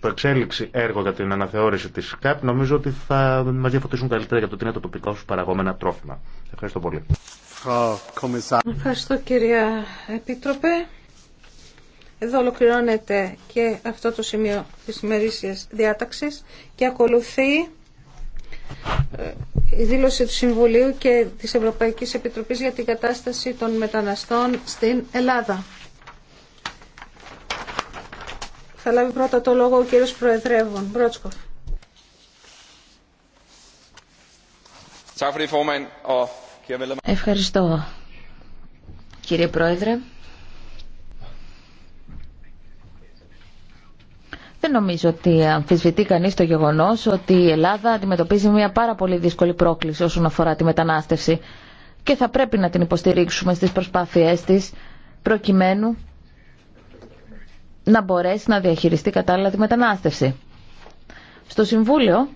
το εξέλιξη έργο για την αναθεώρηση της ΚΑΠ νομίζω ότι θα μα διαφωτίσουν καλύτερα για το τι είναι το τοπικό σου παραγόμενα τρόφιμα. Ευχαριστώ πολύ. Ευχαριστώ κυρία Επίτροπε. Εδώ ολοκληρώνεται και αυτό το σημείο της ημερήσιας διάταξης και ακολουθεί ε, η δήλωση του Συμβουλίου και της Ευρωπαϊκής Επιτροπής για την κατάσταση των μεταναστών στην Ελλάδα. Θα λάβει πρώτα το λόγο ο κύριος Προεδρεύων. Μπρότσκοφ. Ευχαριστώ κύριε Πρόεδρε. Δεν νομίζω ότι αμφισβητεί κανεί το γεγονό ότι η Ελλάδα αντιμετωπίζει μια πάρα πολύ δύσκολη πρόκληση όσον αφορά τη μετανάστευση και θα πρέπει να την υποστηρίξουμε στι προσπάθειέ τη προκειμένου να μπορέσει να διαχειριστεί κατάλληλα τη μετανάστευση. Στο Συμβούλιο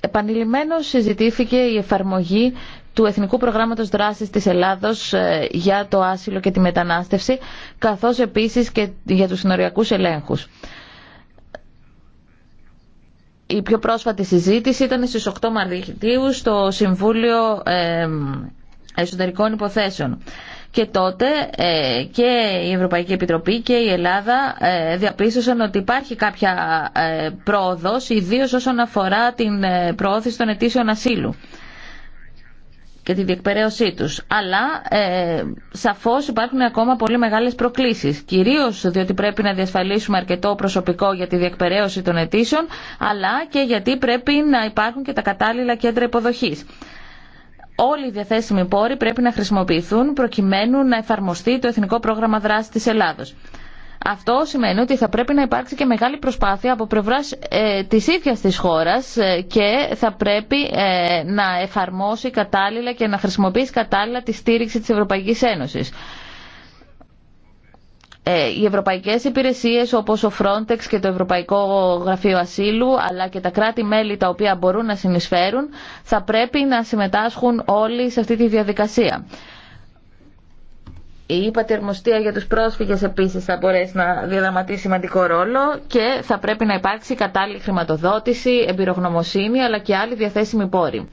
επανειλημμένως συζητήθηκε η εφαρμογή του Εθνικού Προγράμματος Δράσης της Ελλάδος ε, για το άσυλο και τη μετανάστευση, καθώς επίσης και για τους συνοριακούς ελέγχους. Η πιο πρόσφατη συζήτηση ήταν στις 8 Μαρτίου στο Συμβούλιο ε, Εσωτερικών Υποθέσεων και τότε ε, και η Ευρωπαϊκή Επιτροπή και η Ελλάδα ε, διαπίστωσαν ότι υπάρχει κάποια ε, πρόοδος, ιδίως όσον αφορά την προώθηση των αιτήσεων ασύλου και τη διεκπαιρέωσή τους. Αλλά ε, σαφώς υπάρχουν ακόμα πολύ μεγάλες προκλήσεις, κυρίως διότι πρέπει να διασφαλίσουμε αρκετό προσωπικό για τη διεκπαιρέωση των αιτήσεων, αλλά και γιατί πρέπει να υπάρχουν και τα κατάλληλα κέντρα υποδοχής όλοι οι διαθέσιμοι πόροι πρέπει να χρησιμοποιηθούν προκειμένου να εφαρμοστεί το Εθνικό Πρόγραμμα Δράση τη Ελλάδο. Αυτό σημαίνει ότι θα πρέπει να υπάρξει και μεγάλη προσπάθεια από πλευρά ε, τη ίδια τη χώρα ε, και θα πρέπει ε, να εφαρμόσει κατάλληλα και να χρησιμοποιήσει κατάλληλα τη στήριξη τη Ευρωπαϊκή Ένωση. Ε, οι ευρωπαϊκές υπηρεσίες όπως ο Frontex και το Ευρωπαϊκό Γραφείο Ασύλου αλλά και τα κράτη-μέλη τα οποία μπορούν να συνεισφέρουν θα πρέπει να συμμετάσχουν όλοι σε αυτή τη διαδικασία. Η υπατερμοστία για τους πρόσφυγες επίσης θα μπορέσει να διαδραματίσει σημαντικό ρόλο και θα πρέπει να υπάρξει κατάλληλη χρηματοδότηση, εμπειρογνωμοσύνη αλλά και άλλοι διαθέσιμοι πόροι.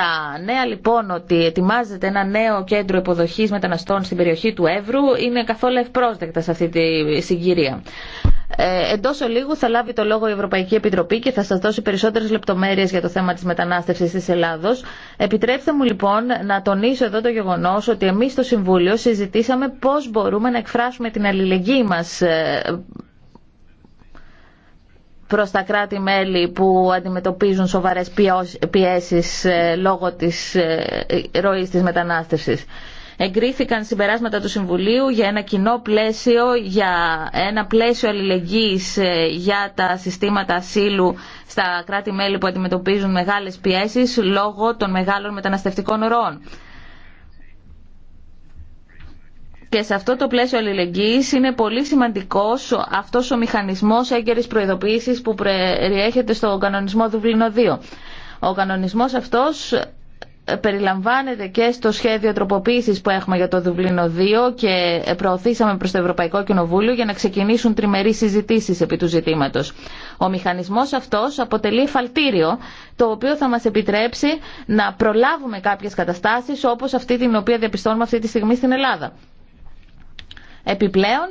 Τα νέα λοιπόν ότι ετοιμάζεται ένα νέο κέντρο υποδοχή μεταναστών στην περιοχή του Εύρου είναι καθόλου ευπρόσδεκτα σε αυτή τη συγκυρία. Ε, Εντό ολίγου θα λάβει το λόγο η Ευρωπαϊκή Επιτροπή και θα σα δώσει περισσότερε λεπτομέρειε για το θέμα τη μετανάστευση τη Ελλάδο. Επιτρέψτε μου λοιπόν να τονίσω εδώ το γεγονό ότι εμεί στο Συμβούλιο συζητήσαμε πώ μπορούμε να εκφράσουμε την αλληλεγγύη μα ε, Προ τα κράτη-μέλη που αντιμετωπίζουν σοβαρές πιέσεις ε, λόγω της ε, ροή τη μετανάστευση. Εγκρίθηκαν συμπεράσματα του Συμβουλίου για ένα κοινό πλαίσιο, για ένα πλαίσιο αλληλεγγύης ε, για τα συστήματα ασύλου στα κράτη-μέλη που αντιμετωπίζουν μεγάλες πιέσεις λόγω των μεγάλων μεταναστευτικών ροών. Και σε αυτό το πλαίσιο αλληλεγγύη είναι πολύ σημαντικό αυτό ο μηχανισμό έγκαιρη προειδοποίηση που περιέχεται στο κανονισμό Δουβλίνο 2. Ο κανονισμό αυτό ε, περιλαμβάνεται και στο σχέδιο τροποποίησης που έχουμε για το Δουβλίνο 2 και προωθήσαμε προς το Ευρωπαϊκό Κοινοβούλιο για να ξεκινήσουν τριμερείς συζητήσεις επί του ζητήματος. Ο μηχανισμός αυτός αποτελεί εφαλτήριο το οποίο θα μας επιτρέψει να προλάβουμε κάποιες καταστάσεις όπως αυτή την οποία διαπιστώνουμε αυτή τη στιγμή στην Ελλάδα. Επιπλέον,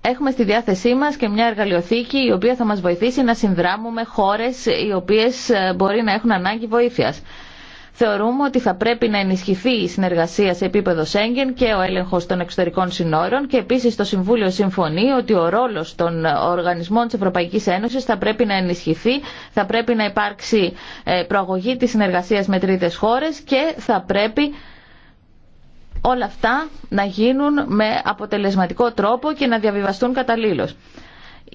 έχουμε στη διάθεσή μας και μια εργαλειοθήκη η οποία θα μας βοηθήσει να συνδράμουμε χώρες οι οποίες ε, μπορεί να έχουν ανάγκη βοήθειας. Θεωρούμε ότι θα πρέπει να ενισχυθεί η συνεργασία σε επίπεδο Σέγγεν και ο έλεγχος των εξωτερικών συνόρων και επίσης το Συμβούλιο συμφωνεί ότι ο ρόλος των οργανισμών της Ευρωπαϊκής Ένωσης θα πρέπει να ενισχυθεί, θα πρέπει να υπάρξει ε, προαγωγή της συνεργασίας με τρίτες χώρες και θα πρέπει όλα αυτά να γίνουν με αποτελεσματικό τρόπο και να διαβιβαστούν καταλήλω.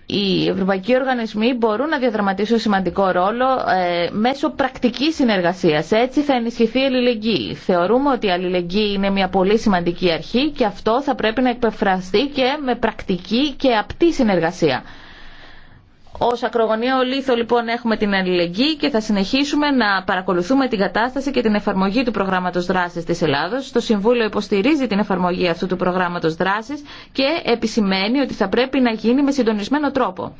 Οι ευρωπαϊκοί οργανισμοί μπορούν να διαδραματίσουν σημαντικό ρόλο ε, μέσω πρακτικής συνεργασίας. Έτσι θα ενισχυθεί η αλληλεγγύη. Θεωρούμε ότι η αλληλεγγύη είναι μια πολύ σημαντική αρχή και αυτό θα πρέπει να εκπεφραστεί και με πρακτική και απτή συνεργασία. Ως ακρογωνία ολίθο λοιπόν έχουμε την αλληλεγγύη και θα συνεχίσουμε να παρακολουθούμε την κατάσταση και την εφαρμογή του προγράμματος δράσης τη Ελλάδο. Το Συμβούλιο υποστηρίζει την εφαρμογή αυτού του προγράμματος δράσης και επισημαίνει ότι θα πρέπει να γίνει με συντονισμένο τρόπο.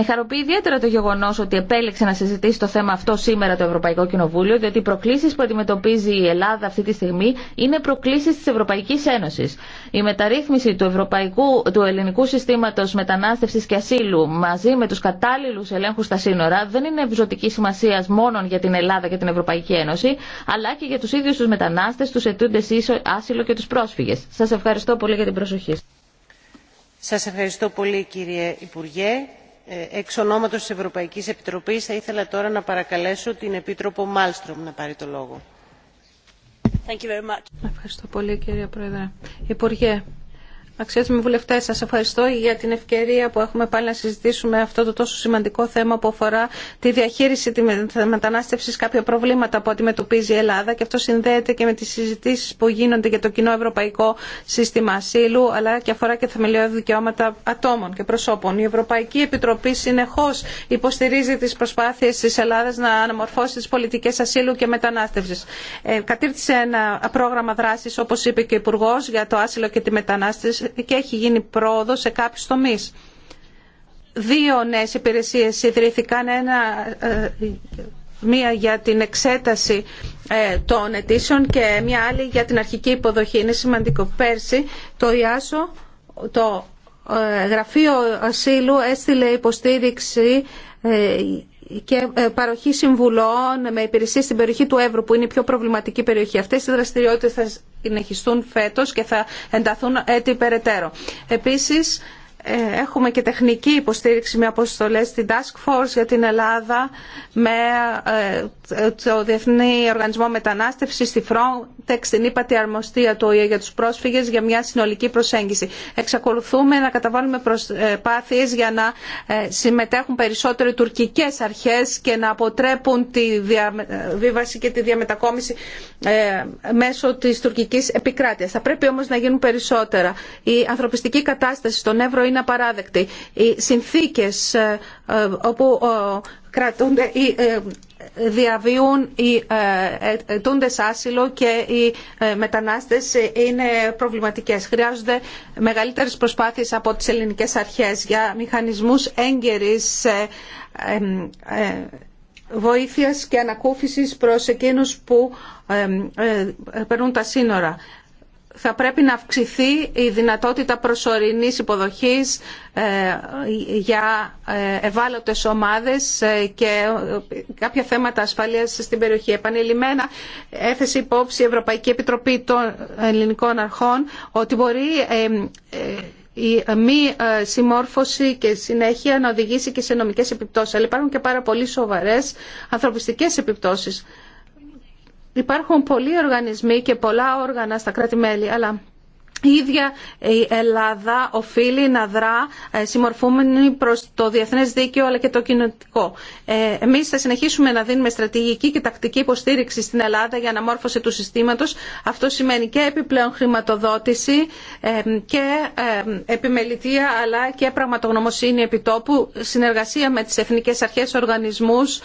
Με χαροποιεί ιδιαίτερα το γεγονό ότι επέλεξε να συζητήσει το θέμα αυτό σήμερα το Ευρωπαϊκό Κοινοβούλιο, διότι οι προκλήσει που αντιμετωπίζει η Ελλάδα αυτή τη στιγμή είναι προκλήσει τη Ευρωπαϊκή Ένωση. Η μεταρρύθμιση του, Ευρωπαϊκού, του ελληνικού συστήματο μετανάστευση και ασύλου μαζί με του κατάλληλου ελέγχου στα σύνορα δεν είναι ευζωτική σημασία μόνο για την Ελλάδα και την Ευρωπαϊκή Ένωση, αλλά και για του ίδιου του μετανάστε, του ετούντε άσυλο και του πρόσφυγε. Σα ευχαριστώ πολύ για την προσοχή. Σας ευχαριστώ πολύ κύριε Υπουργέ. Ε, εξ ονόματος της Ευρωπαϊκής Επιτροπής θα ήθελα τώρα να παρακαλέσω την Επίτροπο Μάλστρομ να πάρει το λόγο. Αξιότιμοι βουλευτέ, σα ευχαριστώ για την ευκαιρία που έχουμε πάλι να συζητήσουμε αυτό το τόσο σημαντικό θέμα που αφορά τη διαχείριση τη μετανάστευση, κάποια προβλήματα που αντιμετωπίζει η Ελλάδα και αυτό συνδέεται και με τι συζητήσει που γίνονται για το κοινό ευρωπαϊκό σύστημα ασύλου, αλλά και αφορά και θεμελιώδη δικαιώματα ατόμων και προσώπων. Η Ευρωπαϊκή Επιτροπή συνεχώ υποστηρίζει τι προσπάθειε τη Ελλάδα να αναμορφώσει τι πολιτικέ ασύλου και μετανάστευση. Ε, κατήρτισε ένα πρόγραμμα δράση, όπω είπε και ο Υπουργό, για το άσυλο και τη μετανάστευση και έχει γίνει πρόοδο σε κάποιους τομείς. Δύο νέες υπηρεσίες ιδρύθηκαν, ένα, ε, μία για την εξέταση ε, των αιτήσεων και μία άλλη για την αρχική υποδοχή. Είναι σημαντικό. Πέρσι το ΙΑΣΟ, το ε, Γραφείο Ασύλου έστειλε υποστήριξη και ε, παροχή συμβουλών με υπηρεσίες στην περιοχή του Εύρου που είναι η πιο προβληματική περιοχή. Αυτές οι δραστηριότητες θα συνεχιστούν φέτος και θα ενταθούν έτη περαιτέρω. Επίσης ε, έχουμε και τεχνική υποστήριξη με αποστολές στην Task Force για την Ελλάδα, με ε, το Διεθνή Οργανισμό Μετανάστευσης, στη Frontex, την ύπατη αρμοστία του ΟΗΕ για τους πρόσφυγες για μια συνολική προσέγγιση. Εξακολουθούμε να καταβάλουμε προσπάθειες ε, για να συμμετέχουν περισσότερο οι τουρκικές αρχές και να αποτρέπουν τη διαβίβαση και τη διαμετακόμιση μέσω της τουρκικής επικράτειας. Θα πρέπει όμως να γίνουν περισσότερα. Η ανθρωπιστική κατάσταση στον Εύρο είναι είναι Οι συνθήκες ε, ε, όπου ε, κρατούνται ή διαβιούν οι ετούντες άσυλο και οι μετανάστες είναι προβληματικές. Χρειάζονται μεγαλύτερες προσπάθειες από τις ελληνικές αρχές για μηχανισμούς έγκαιρης βοήθειας και ανακούφισης προς εκείνους που περνούν τα σύνορα θα πρέπει να αυξηθεί η δυνατότητα προσωρινής υποδοχής ε, για ε, ευάλωτες ομάδες ε, και κάποια θέματα ασφαλείας στην περιοχή. Επανειλημμένα έθεσε υπόψη η Ευρωπαϊκή Επιτροπή των Ελληνικών Αρχών ότι μπορεί η μη συμμόρφωση και συνέχεια να οδηγήσει και σε νομικές επιπτώσεις. Αλλά υπάρχουν και πάρα πολύ σοβαρές ανθρωπιστικές επιπτώσεις. Υπάρχουν πολλοί οργανισμοί και πολλά όργανα στα κράτη-μέλη, αλλά η ίδια η Ελλάδα οφείλει να δρά ε, συμμορφούμενη προς το διεθνές δίκαιο αλλά και το κοινωτικό. Ε, εμείς θα συνεχίσουμε να δίνουμε στρατηγική και τακτική υποστήριξη στην Ελλάδα για αναμόρφωση του συστήματος. Αυτό σημαίνει και επιπλέον χρηματοδότηση ε, και επιμελητία αλλά και πραγματογνωμοσύνη επιτόπου, συνεργασία με τις εθνικές αρχές, οργανισμούς,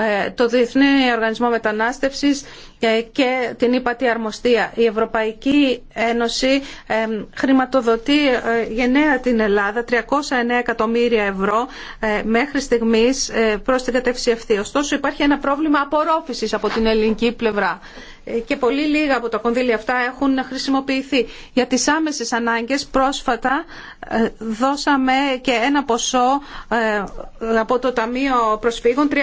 ε, το Διεθνή Οργανισμό Μετανάστευσης ε, και την ύπατη αρμοστία. Η Ευρωπαϊκή Ένωση ε, χρηματοδοτεί γενναία την Ελλάδα 309 εκατομμύρια ευρώ μέχρι στιγμής προς την κατεύθυνση αυτή. Ωστόσο υπάρχει ένα πρόβλημα απορρόφησης από την ελληνική πλευρά. Ε, και πολύ λίγα από τα κονδύλια αυτά έχουν χρησιμοποιηθεί. Για τις άμεσες ανάγκες πρόσφατα ε, δώσαμε και ένα ποσό ε, από το Ταμείο Προσφύγων 3,75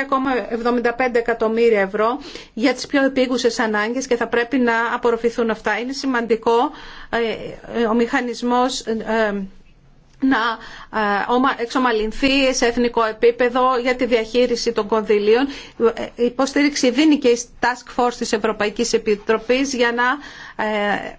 εκατομμύρια ευρώ για τις πιο επίγουσες ανάγκες και θα πρέπει να απορροφηθούν αυτά. Είναι σημαντικό ο μηχανισμός να ε, εξομαλυνθεί σε εθνικό επίπεδο για τη διαχείριση των κονδυλίων. Η ε, υποστήριξη δίνει και η Task Force της Ευρωπαϊκής Επιτροπής για να ε,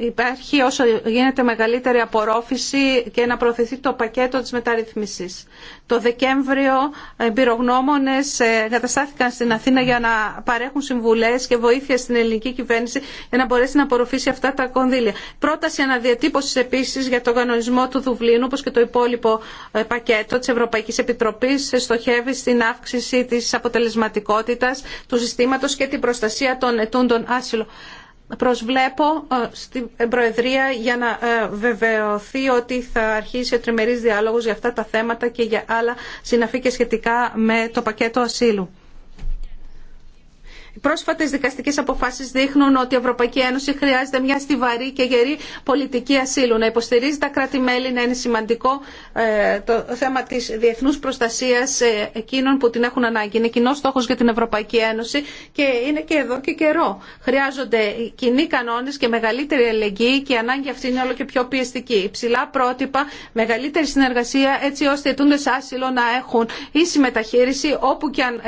υπάρχει όσο γίνεται μεγαλύτερη απορρόφηση και να προωθηθεί το πακέτο της μεταρρύθμισης. Το Δεκέμβριο εμπειρογνώμονες ε, καταστάθηκαν στην Αθήνα για να παρέχουν συμβουλές και βοήθεια στην ελληνική κυβέρνηση για να μπορέσει να απορροφήσει αυτά τα κονδύλια. Πρόταση αναδιατύπωσης επίσης για τον κανονισμό του Δουβλίνου όπως και το υπόλοιπο ε, πακέτο της Ευρωπαϊκής Επιτροπής ε, στοχεύει στην αύξηση της αποτελεσματικότητας του συστήματος και την προστασία των ετούντων άσυλων προσβλέπω ε, στην Προεδρία για να ε, βεβαιωθεί ότι θα αρχίσει ο τριμερής διάλογος για αυτά τα θέματα και για άλλα συναφή και σχετικά με το πακέτο ασύλου. Οι πρόσφατες δικαστικές αποφάσεις δείχνουν ότι η Ευρωπαϊκή Ένωση χρειάζεται μια στιβαρή και γερή πολιτική ασύλου. Να υποστηρίζει τα κράτη-μέλη να είναι σημαντικό ε, το θέμα της διεθνούς προστασίας ε, εκείνων που την έχουν ανάγκη. Είναι κοινό στόχο για την Ευρωπαϊκή Ένωση και είναι και εδώ και καιρό. Χρειάζονται κοινοί κανόνε και μεγαλύτερη ελεγγύη και η ανάγκη αυτή είναι όλο και πιο πιεστική. Υψηλά πρότυπα, μεγαλύτερη συνεργασία έτσι ώστε οι άσυλο να έχουν ίση μεταχείριση όπου και αν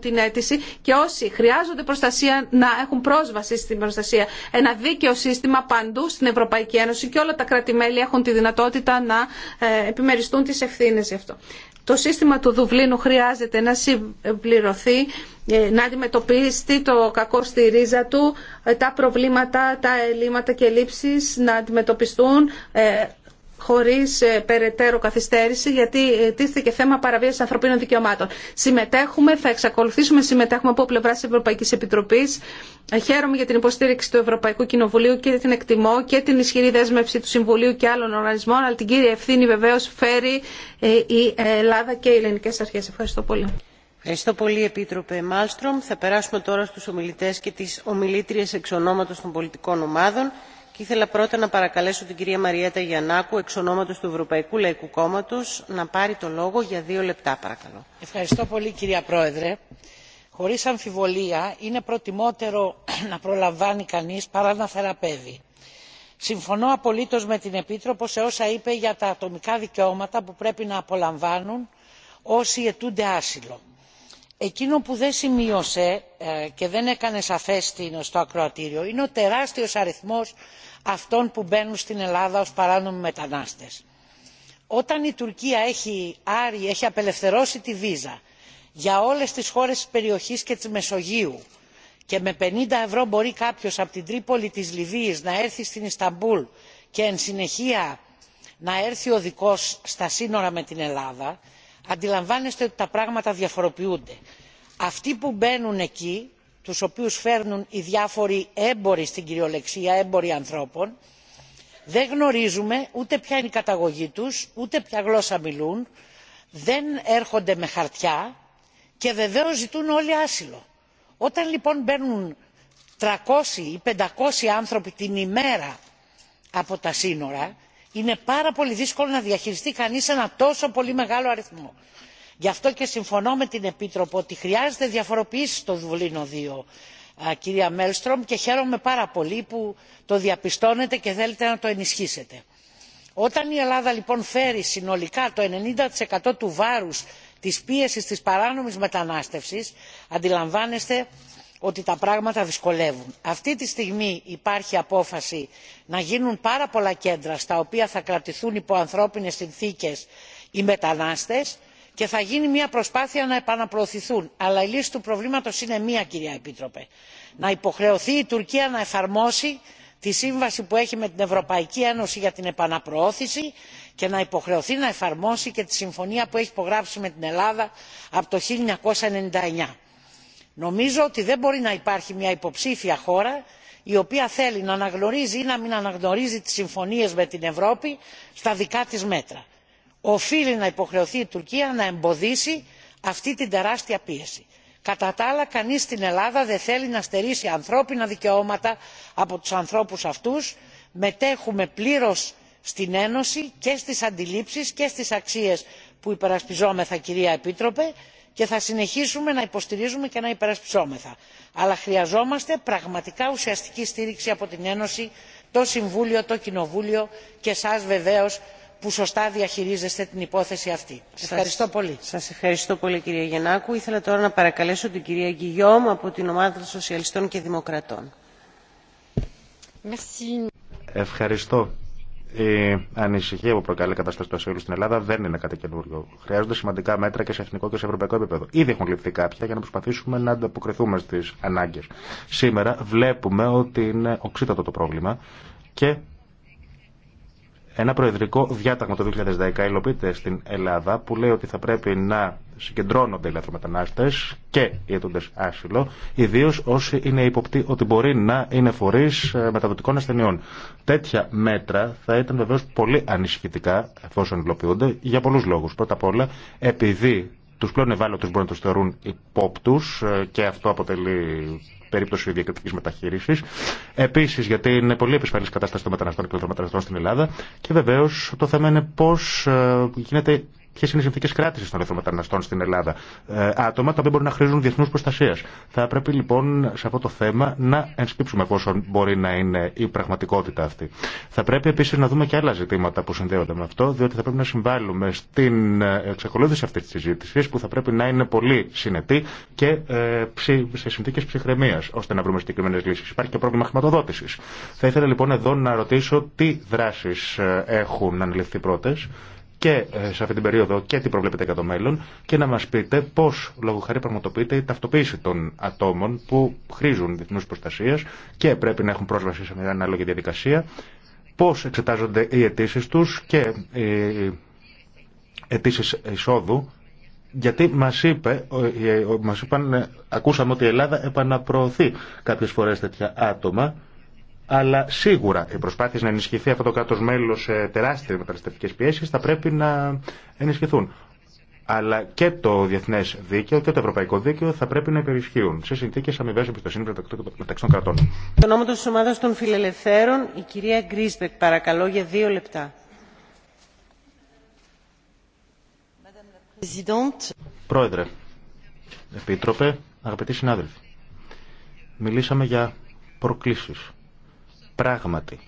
την αίτηση και όσοι χρειάζονται χρειάζονται προστασία να έχουν πρόσβαση στην προστασία. Ένα δίκαιο σύστημα παντού στην Ευρωπαϊκή Ένωση και όλα τα κράτη-μέλη έχουν τη δυνατότητα να ε, επιμεριστούν τις ευθύνε γι' αυτό. Το σύστημα του Δουβλίνου χρειάζεται να συμπληρωθεί, ε, να αντιμετωπίσει το κακό στη ρίζα του, ε, τα προβλήματα, τα ελλείμματα και λήψεις να αντιμετωπιστούν χωρίς ε, περαιτέρω καθυστέρηση γιατί τίθεται και θέμα παραβίασης ανθρωπίνων δικαιωμάτων. Συμμετέχουμε, θα εξακολουθήσουμε, συμμετέχουμε από πλευρά της Ευρωπαϊκής Επιτροπής. Χαίρομαι για την υποστήριξη του Ευρωπαϊκού Κοινοβουλίου και την εκτιμώ και την ισχυρή δέσμευση του Συμβουλίου και άλλων οργανισμών, αλλά την κύρια ευθύνη βεβαίως φέρει ε, η Ελλάδα και οι ελληνικές αρχές. Ευχαριστώ πολύ. Ευχαριστώ πολύ, Επίτροπε Μάλστρομ. Θα περάσουμε τώρα στους ομιλητές και τις ομιλήτριε εξ των πολιτικών ομάδων. Και ήθελα πρώτα να παρακαλέσω την κυρία Μαριέτα Γιαννάκου, εξ ονόματος του Ευρωπαϊκού Λαϊκού Κόμματος, να πάρει το λόγο για δύο λεπτά, παρακαλώ. Ευχαριστώ πολύ, κυρία Πρόεδρε. Χωρίς αμφιβολία, είναι προτιμότερο να προλαμβάνει κανείς παρά να θεραπεύει. Συμφωνώ απολύτως με την Επίτροπο σε όσα είπε για τα ατομικά δικαιώματα που πρέπει να απολαμβάνουν όσοι αιτούνται άσυλο εκείνο που δεν σημείωσε ε, και δεν έκανε σαφές στο ακροατήριο είναι ο τεράστιος αριθμός αυτών που μπαίνουν στην ελλάδα ως παράνομοι μετανάστες. όταν η τουρκία έχει έχει απελευθερώσει τη βίζα για όλες τις χώρες της περιοχής και της μεσογείου και με 50 ευρώ μπορεί κάποιος από την τρίπολη της λιβύης να έρθει στην ισταμπούλ και εν συνεχεία να έρθει οδικός στα σύνορα με την ελλάδα αντιλαμβάνεστε ότι τα πράγματα διαφοροποιούνται. αυτοί που μπαίνουν εκεί τους οποίους φέρνουν οι διάφοροι έμποροι στην κυριολεξία έμποροι ανθρώπων δεν γνωρίζουμε ούτε ποια είναι η καταγωγή τους ούτε ποια γλώσσα μιλούν δεν έρχονται με χαρτιά και βεβαίως ζητούν όλοι άσυλο. όταν λοιπόν μπαίνουν 300 ή 500 άνθρωποι την ημέρα από τα σύνορα είναι πάρα πολύ δύσκολο να διαχειριστεί κανείς ένα τόσο πολύ μεγάλο αριθμό. γι' αυτό και συμφωνώ με την επίτροπο ότι χρειάζεται διαφοροποίηση στο δουβλίνο 2 κυρία Μέλστρομ και χαίρομαι πάρα πολύ που το διαπιστώνετε και θέλετε να το ενισχύσετε. Όταν η Ελλάδα λοιπόν φέρει συνολικά το 90% του βάρους της πίεσης της παράνομης μετανάστευσης αντιλαμβάνεστε ότι τα πράγματα δυσκολεύουν. αυτή τη στιγμή υπάρχει απόφαση να γίνουν πάρα πολλά κέντρα στα οποία θα κρατηθούν υπό ανθρώπινες συνθήκες οι μετανάστες και θα γίνει μια προσπάθεια να επαναπροωθηθούν αλλά η λύση του προβλήματος είναι μία κυρία επίτροπε να υποχρεωθεί η τουρκία να εφαρμόσει τη σύμβαση που έχει με την ευρωπαϊκή ένωση για την επαναπροώθηση και να υποχρεωθεί να εφαρμόσει και τη συμφωνία που έχει υπογράψει με την ελλάδα από το νομίζω ότι δεν μπορεί να υπάρχει μια υποψήφια χώρα η οποία θέλει να αναγνωρίζει ή να μην αναγνωρίζει τις συμφωνίες με την ευρώπη στα δικά της μέτρα. οφείλει να υποχρεωθεί η τουρκία να εμποδίσει αυτή την τεράστια πίεση. κατά τα άλλα κανείς στην ελλάδα δεν θέλει να στερήσει ανθρώπινα δικαιώματα από τους ανθρώπους αυτούς. μετέχουμε πλήρως στην ένωση και στις αντιλήψεις και στις αξίες που υπερασπιζόμεθα κυρία επίτροπε και θα συνεχίσουμε να υποστηρίζουμε και να υπερασπισόμεθα. αλλά χρειαζόμαστε πραγματικά ουσιαστική στήριξη από την ένωση το συμβούλιο το κοινοβούλιο και εσάς βεβαίω που σωστά διαχειρίζεστε την υπόθεση αυτή. Σας Ευχαριστώ πολύ. Σας ευχαριστώ πολύ κυρία Γεννάκου. Ήθελα τώρα να παρακαλέσω την κυρία Γκυγιόμ από την ομάδα των Σοσιαλιστών και Δημοκρατών. Ευχαριστώ η ανησυχία που προκαλεί η κατάσταση του ασύλου στην Ελλάδα δεν είναι κάτι καινούριο. Χρειάζονται σημαντικά μέτρα και σε εθνικό και σε ευρωπαϊκό επίπεδο. Ήδη έχουν ληφθεί κάποια για να προσπαθήσουμε να ανταποκριθούμε στι ανάγκε. Σήμερα βλέπουμε ότι είναι οξύτατο το πρόβλημα και ένα προεδρικό διάταγμα το 2010 υλοποιείται στην Ελλάδα που λέει ότι θα πρέπει να συγκεντρώνονται οι λαθρομετανάστε και οι αιτούντε άσυλο, ιδίω όσοι είναι υποπτοί ότι μπορεί να είναι φορεί ε, μεταδοτικών ασθενειών. Τέτοια μέτρα θα ήταν βεβαίω πολύ ανησυχητικά, εφόσον υλοποιούνται, για πολλού λόγου. Πρώτα απ' όλα, επειδή του πλέον ευάλωτου μπορεί να του θεωρούν υπόπτου ε, και αυτό αποτελεί περίπτωση διακριτική μεταχείριση. Επίση, γιατί είναι πολύ επισφαλή κατάσταση των μεταναστών και των μεταναστών στην Ελλάδα. Και βεβαίω το θέμα είναι πώ ε, γίνεται ποιε είναι οι συνθήκε κράτηση των ελευθερομεταναστών στην Ελλάδα. Ε, άτομα τα οποία μπορεί να χρήζουν διεθνού προστασία. Θα πρέπει λοιπόν σε αυτό το θέμα να ενσκύψουμε πόσο μπορεί να είναι η πραγματικότητα αυτή. Θα πρέπει επίση να δούμε και άλλα ζητήματα που συνδέονται με αυτό, διότι θα πρέπει να συμβάλλουμε στην ε, εξακολούθηση αυτή τη συζήτηση που θα πρέπει να είναι πολύ συνετή και ε, σε συνθήκε ψυχραιμία, ώστε να βρούμε συγκεκριμένε λύσει. Υπάρχει και πρόβλημα χρηματοδότηση. Θα ήθελα λοιπόν εδώ να ρωτήσω τι δράσει ε, έχουν αναλυφθεί πρώτε και ε, σε αυτή την περίοδο και τι προβλέπετε για το μέλλον και να μας πείτε πώς λόγω χάρη πραγματοποιείται η ταυτοποίηση των ατόμων που χρήζουν διεθνού προστασίας και πρέπει να έχουν πρόσβαση σε μια ανάλογη διαδικασία, πώς εξετάζονται οι αιτήσει τους και οι αιτήσει εισόδου γιατί μας, είπε, μας είπαν, ε, ακούσαμε ότι η Ελλάδα επαναπροωθεί κάποιες φορές τέτοια άτομα αλλά σίγουρα οι προσπάθειε να ενισχυθεί αυτό το κράτο μέλο σε τεράστιε μεταναστευτικέ πιέσει θα πρέπει να ενισχυθούν. Αλλά και το διεθνέ δίκαιο και το ευρωπαϊκό δίκαιο θα πρέπει να υπερισχύουν σε συνθήκε αμοιβέ εμπιστοσύνη μεταξύ των κρατών. Το όνομα τη ομάδα των φιλελευθέρων, η κυρία Γκρίσμπεκ, παρακαλώ για δύο λεπτά. Πρόεδρε, Επίτροπε, αγαπητοί συνάδελφοι, μιλήσαμε για προκλήσεις Πράγματι,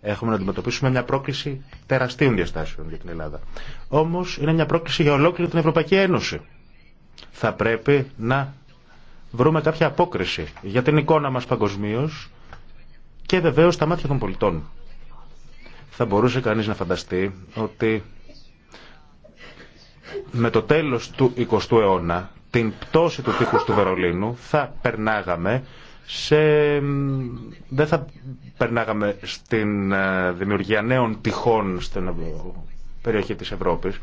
έχουμε να αντιμετωπίσουμε μια πρόκληση τεραστίων διαστάσεων για την Ελλάδα. Όμω είναι μια πρόκληση για ολόκληρη την Ευρωπαϊκή Ένωση. Θα πρέπει να βρούμε κάποια απόκριση για την εικόνα μα παγκοσμίω και βεβαίω στα μάτια των πολιτών. Θα μπορούσε κανεί να φανταστεί ότι με το τέλος του 20ου αιώνα την πτώση του τείχους του Βερολίνου θα περνάγαμε σε... δεν θα περνάγαμε στην ε, δημιουργία νέων τυχών στην περιοχή της Ευρώπης.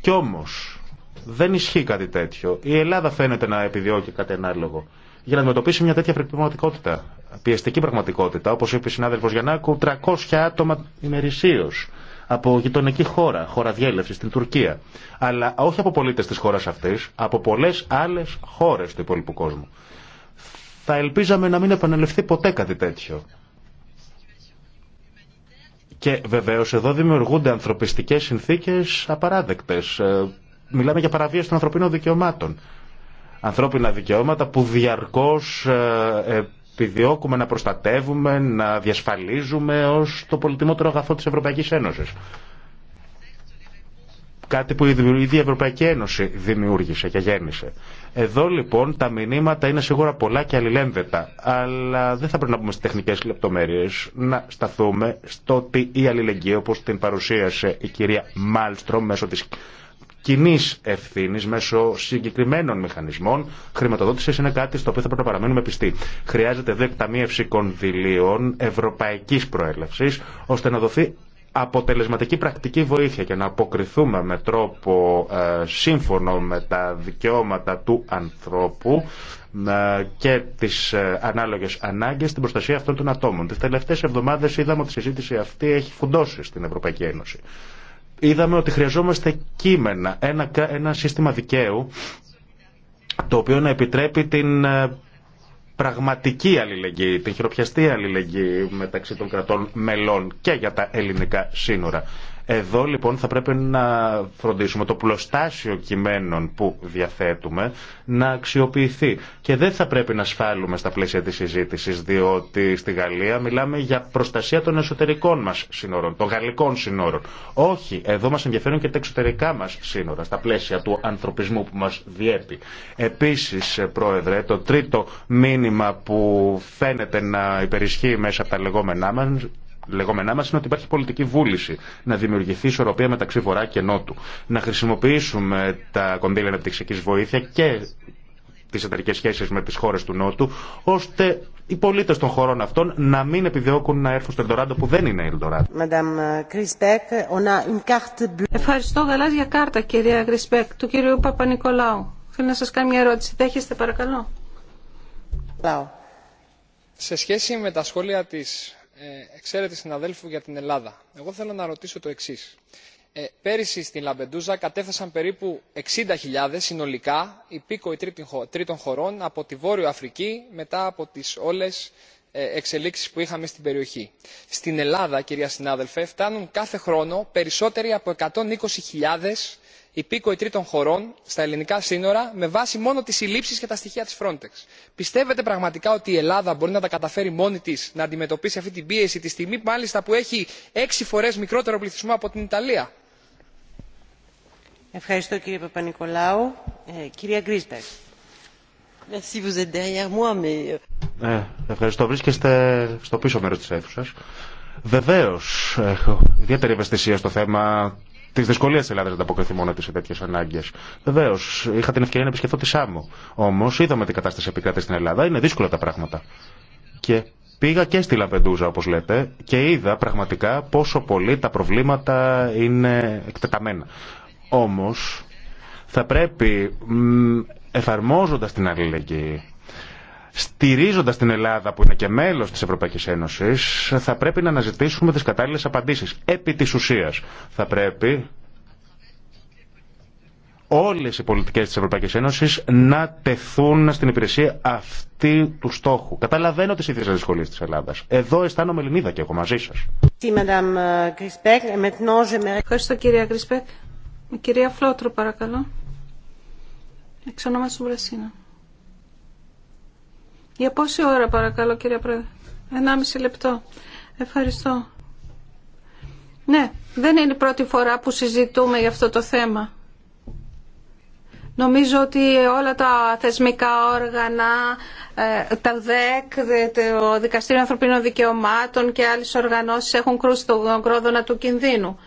Κι όμως δεν ισχύει κάτι τέτοιο. Η Ελλάδα φαίνεται να επιδιώκει κάτι ανάλογο. Για να αντιμετωπίσει μια τέτοια πραγματικότητα, πιεστική πραγματικότητα, όπως είπε η συνάδελφος Γιαννάκου, 300 άτομα ημερησίως από γειτονική χώρα, χώρα διέλευση, στην Τουρκία. Αλλά όχι από πολίτε τη χώρα αυτή, από πολλέ άλλε χώρε του υπόλοιπου κόσμου. Θα ελπίζαμε να μην επανελευθεί ποτέ κάτι τέτοιο. Και βεβαίως εδώ δημιουργούνται ανθρωπιστικές συνθήκες απαράδεκτες. Ε, μιλάμε για παραβίαση των ανθρωπίνων δικαιωμάτων. Ανθρώπινα δικαιώματα που διαρκώ ε, επιδιώκουμε να προστατεύουμε, να διασφαλίζουμε ως το πολυτιμότερο αγαθό της Ευρωπαϊκής Ένωσης. Κάτι που η ίδια η Ευρωπαϊκή Ένωση δημιούργησε και γέννησε. Εδώ λοιπόν τα μηνύματα είναι σίγουρα πολλά και αλληλένδετα. Αλλά δεν θα πρέπει να πούμε στι τεχνικέ λεπτομέρειε. Να σταθούμε στο ότι η αλληλεγγύη, όπω την παρουσίασε η κυρία Μάλστρομ μέσω τη κοινή ευθύνη μέσω συγκεκριμένων μηχανισμών χρηματοδότηση είναι κάτι στο οποίο θα πρέπει να παραμείνουμε πιστοί. Χρειάζεται δε κονδυλίων ευρωπαϊκή προέλευση ώστε να δοθεί αποτελεσματική πρακτική βοήθεια και να αποκριθούμε με τρόπο ε, σύμφωνο με τα δικαιώματα του ανθρώπου ε, και τις ε, ανάλογες ανάγκες στην προστασία αυτών των ατόμων. Τις τελευταίες εβδομάδες είδαμε ότι η συζήτηση αυτή έχει φουντώσει στην Ευρωπαϊκή Ένωση. Είδαμε ότι χρειαζόμαστε κείμενα, ένα, ένα σύστημα δικαίου το οποίο να επιτρέπει την πραγματική αλληλεγγύη, την χειροπιαστή αλληλεγγύη μεταξύ των κρατών μελών και για τα ελληνικά σύνορα. Εδώ λοιπόν θα πρέπει να φροντίσουμε το πλωστάσιο κειμένων που διαθέτουμε να αξιοποιηθεί. Και δεν θα πρέπει να σφάλουμε στα πλαίσια τη συζήτηση, διότι στη Γαλλία μιλάμε για προστασία των εσωτερικών μα σύνορων, των γαλλικών σύνορων. Όχι, εδώ μα ενδιαφέρουν και τα εξωτερικά μα σύνορα, στα πλαίσια του ανθρωπισμού που μα διέπει. Επίση, Πρόεδρε, το τρίτο μήνυμα που φαίνεται να υπερισχύει μέσα από τα λεγόμενά μα λεγόμενά μα είναι ότι υπάρχει πολιτική βούληση να δημιουργηθεί ισορροπία μεταξύ Βορρά και Νότου. Να χρησιμοποιήσουμε τα κονδύλια αναπτυξιακή βοήθεια και τι εταιρικέ σχέσει με τι χώρε του Νότου, ώστε οι πολίτε των χωρών αυτών να μην επιδιώκουν να έρθουν στο Ελντοράντο που δεν είναι Ελντοράντο. Ευχαριστώ γαλάζια κάρτα, κυρία Γκρισπέκ, του κυρίου Παπα-Νικολάου. Θέλω να σα κάνω μια ερώτηση. Δέχεστε, παρακαλώ. Σε σχέση με τα σχόλια της ε, εξαίρετη συναδέλφου για την Ελλάδα. Εγώ θέλω να ρωτήσω το εξή. Ε, πέρυσι στην Λαμπεντούζα κατέφθασαν περίπου 60.000 συνολικά υπήκοοι τρίτων χωρών από τη Βόρειο Αφρική μετά από τις όλες ε, εξελίξεις που είχαμε στην περιοχή. Στην Ελλάδα, κυρία συνάδελφε, φτάνουν κάθε χρόνο περισσότεροι από 120.000 υπήκοοι τρίτων χωρών στα ελληνικά σύνορα με βάση μόνο τι συλλήψει και τα στοιχεία τη frontex. πιστεύετε πραγματικά ότι η ελλάδα μπορεί να τα καταφέρει μόνη τη να αντιμετωπίσει αυτή την πίεση τη στιγμή μάλιστα που έχει έξι φορέ μικρότερο πληθυσμό από την ιταλία. Ευχαριστώ, ε, κυρία euh, ναι, ευχαριστώ. Βρίσκεστε στο πίσω μέρο τη αίθουσας. Βεβαίω έχω ιδιαίτερη ευαισθησία στο θέμα τη δυσκολία τη Ελλάδα να ανταποκριθεί μόνο τη σε τέτοιε ανάγκε. Βεβαίω, είχα την ευκαιρία να επισκεφθώ τη Σάμο. Όμω είδαμε την κατάσταση επικράτη στην Ελλάδα. Είναι δύσκολα τα πράγματα. Και πήγα και στη Λαπεντούζα, όπω λέτε, και είδα πραγματικά πόσο πολύ τα προβλήματα είναι εκτεταμένα. Όμω, θα πρέπει εφαρμόζοντα την αλληλεγγύη στηρίζοντα την Ελλάδα που είναι και μέλο τη Ευρωπαϊκή Ένωση, θα πρέπει να αναζητήσουμε τι κατάλληλε απαντήσει. Επί τη ουσία, θα πρέπει όλε οι πολιτικέ τη Ευρωπαϊκή Ένωση να τεθούν στην υπηρεσία αυτή του στόχου. Καταλαβαίνω τι ίδιε δυσκολίε τη Ελλάδα. Εδώ αισθάνομαι Ελληνίδα και εγώ μαζί σα. Ευχαριστώ κυρία Κυρία Φλότρο, παρακαλώ. Εξ ονόματος για πόση ώρα παρακαλώ κύριε Πρόεδρε. 1,5 λεπτό. Ευχαριστώ. Ναι, δεν είναι η πρώτη φορά που συζητούμε για αυτό το θέμα. Νομίζω ότι όλα τα θεσμικά όργανα, ε, τα ΔΕΚ, το Δικαστήριο Ανθρωπίνων Δικαιωμάτων και άλλες οργανώσεις έχουν κρούσει τον κρόδωνα του κινδύνου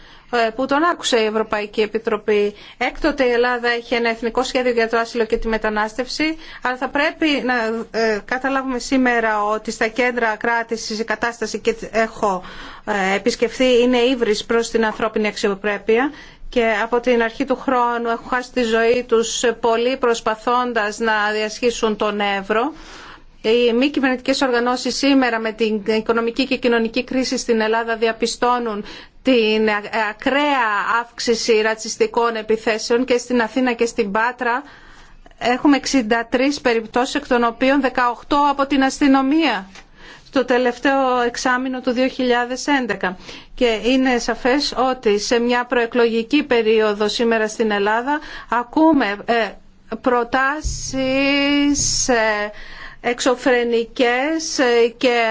που τον άκουσε η Ευρωπαϊκή Επιτροπή. Έκτοτε η Ελλάδα έχει ένα εθνικό σχέδιο για το άσυλο και τη μετανάστευση, αλλά θα πρέπει να ε, καταλάβουμε σήμερα ότι στα κέντρα κράτησης η κατάσταση και έχω ε, επισκεφθεί είναι ύβρις προς την ανθρώπινη αξιοπρέπεια και από την αρχή του χρόνου έχουν χάσει τη ζωή τους πολύ προσπαθώντας να διασχίσουν τον Εύρο οι μη κυβερνητικέ οργανώσει σήμερα με την οικονομική και κοινωνική κρίση στην Ελλάδα διαπιστώνουν την ακραία αύξηση ρατσιστικών επιθέσεων και στην Αθήνα και στην Πάτρα. Έχουμε 63 περιπτώσεις, εκ των οποίων 18 από την αστυνομία στο τελευταίο εξάμεινο του 2011. Και είναι σαφές ότι σε μια προεκλογική περίοδο σήμερα στην Ελλάδα ακούμε ε, προτάσεις ε, εξωφρενικές ε, και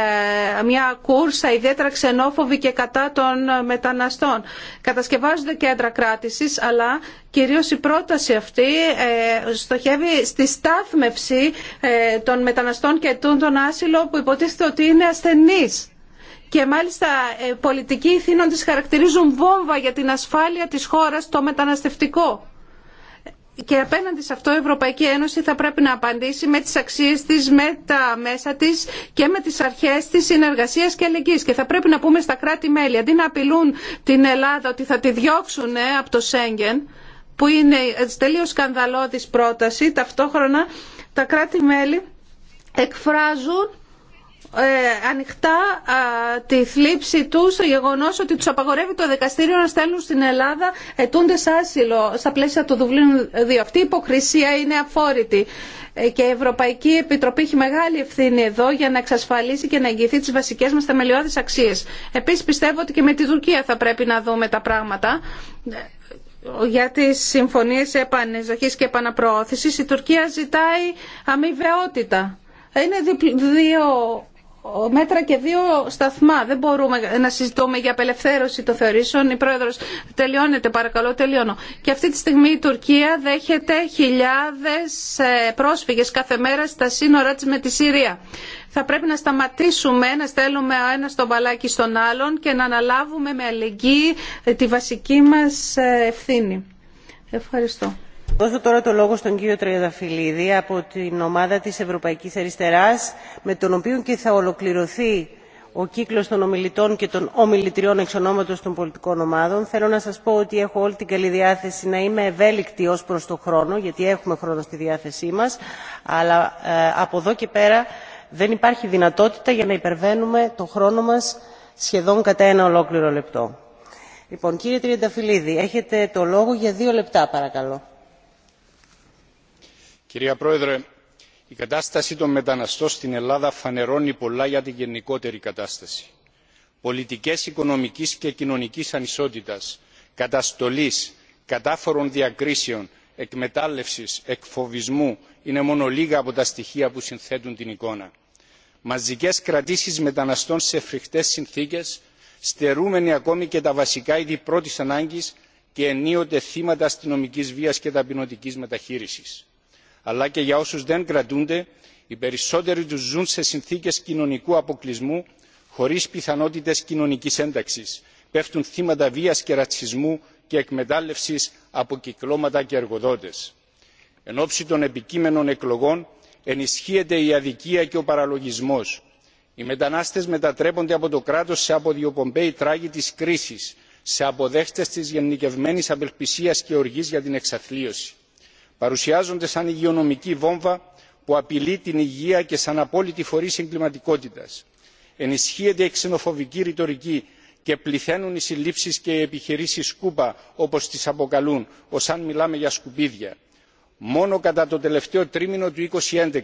μια κούρσα ιδιαίτερα ξενόφοβη και κατά των μεταναστών. Κατασκευάζονται κέντρα κράτησης, αλλά κυρίως η πρόταση αυτή ε, στοχεύει στη στάθμευση ε, των μεταναστών και των άσυλο που υποτίθεται ότι είναι ασθενείς. Και μάλιστα πολιτικοί ηθήνοντες χαρακτηρίζουν βόμβα για την ασφάλεια της χώρας το μεταναστευτικό και απέναντι σε αυτό η Ευρωπαϊκή Ένωση θα πρέπει να απαντήσει με τις αξίες της, με τα μέσα της και με τις αρχές της συνεργασίας και αλληλεγγύης. Και θα πρέπει να πούμε στα κράτη-μέλη, αντί να απειλούν την Ελλάδα ότι θα τη διώξουν ε, από το Σέγγεν, που είναι τελείω σκανδαλώδης πρόταση, ταυτόχρονα τα κράτη-μέλη εκφράζουν ε, ανοιχτά τη θλίψη του στο γεγονό ότι του απαγορεύει το δικαστήριο να στέλνουν στην Ελλάδα ετούντε άσυλο στα πλαίσια του Δουβλίνου 2. Αυτή η υποκρισία είναι αφόρητη ε, και η Ευρωπαϊκή Επιτροπή έχει μεγάλη ευθύνη εδώ για να εξασφαλίσει και να εγγυηθεί τι βασικέ μα θεμελιώδεις αξίε. Επίση πιστεύω ότι και με τη Τουρκία θα πρέπει να δούμε τα πράγματα ε, για τις συμφωνίες επανεζοχής και επαναπροώθησης. Η Τουρκία ζητάει αμοιβαιότητα. Είναι δύο μέτρα και δύο σταθμά. Δεν μπορούμε να συζητούμε για απελευθέρωση των θεωρήσεων. Η πρόεδρος τελειώνεται, παρακαλώ, τελειώνω. Και αυτή τη στιγμή η Τουρκία δέχεται χιλιάδες ε, πρόσφυγες κάθε μέρα στα σύνορά της με τη Συρία. Θα πρέπει να σταματήσουμε να στέλνουμε ένα στο μπαλάκι στον άλλον και να αναλάβουμε με αλληλεγγύη ε, τη βασική μας ε, ευθύνη. Ευχαριστώ. Δώσω τώρα το λόγο στον κύριο Τριανταφυλλίδη από την ομάδα της Ευρωπαϊκής Αριστεράς με τον οποίο και θα ολοκληρωθεί ο κύκλος των ομιλητών και των ομιλητριών εξ ονόματος των πολιτικών ομάδων. Θέλω να σας πω ότι έχω όλη την καλή διάθεση να είμαι ευέλικτη ως προς το χρόνο γιατί έχουμε χρόνο στη διάθεσή μας αλλά ε, από εδώ και πέρα δεν υπάρχει δυνατότητα για να υπερβαίνουμε το χρόνο μας σχεδόν κατά ένα ολόκληρο λεπτό. Λοιπόν, κύριε Τριανταφυλλίδη, έχετε το λόγο για δύο λεπτά παρακαλώ κυρία πρόεδρε η κατάσταση των μεταναστών στην ελλάδα φανερώνει πολλά για την γενικότερη κατάσταση πολιτικές οικονομικής και κοινωνικής ανισότητας καταστολής κατάφορων διακρίσεων εκμετάλλευσης εκφοβισμού είναι μόνο λίγα από τα στοιχεία που συνθέτουν την εικόνα. μαζικές κρατήσεις μεταναστών σε φρικτές συνθήκες στερούμενοι ακόμη και τα βασικά είδη πρώτης ανάγκης και ενίοτε θύματα αστυνομικής βίας και ταπεινωτικής μεταχείριση αλλά και για όσου δεν κρατούνται οι περισσότεροι του ζουν σε συνθήκε κοινωνικού αποκλεισμού χωρί πιθανότητε κοινωνική ένταξη, πέφτουν θύματα βία και ρατσισμού και εκμετάλλευση από κυκλώματα και εργοδότε. εν ώψη των επικείμενων εκλογών ενισχύεται η αδικία και ο παραλογισμό. οι μετανάστε μετατρέπονται από το κράτο σε αποδιοπομπαίοι τράγοι τη κρίση σε αποδέχτες τη γενικευμένη απελπισία και οργή για την εξαθλίωση παρουσιάζονται σαν υγειονομική βόμβα που απειλεί την υγεία και σαν απόλυτη φορή εγκληματικότητα. ενισχύεται η ξενοφοβική ρητορική και πληθαίνουν οι συλλήψεις και οι επιχειρήσεις σκούπα όπως τις αποκαλούν ως αν μιλάμε για σκουπίδια. μόνο κατά το τελευταίο τρίμηνο του 2011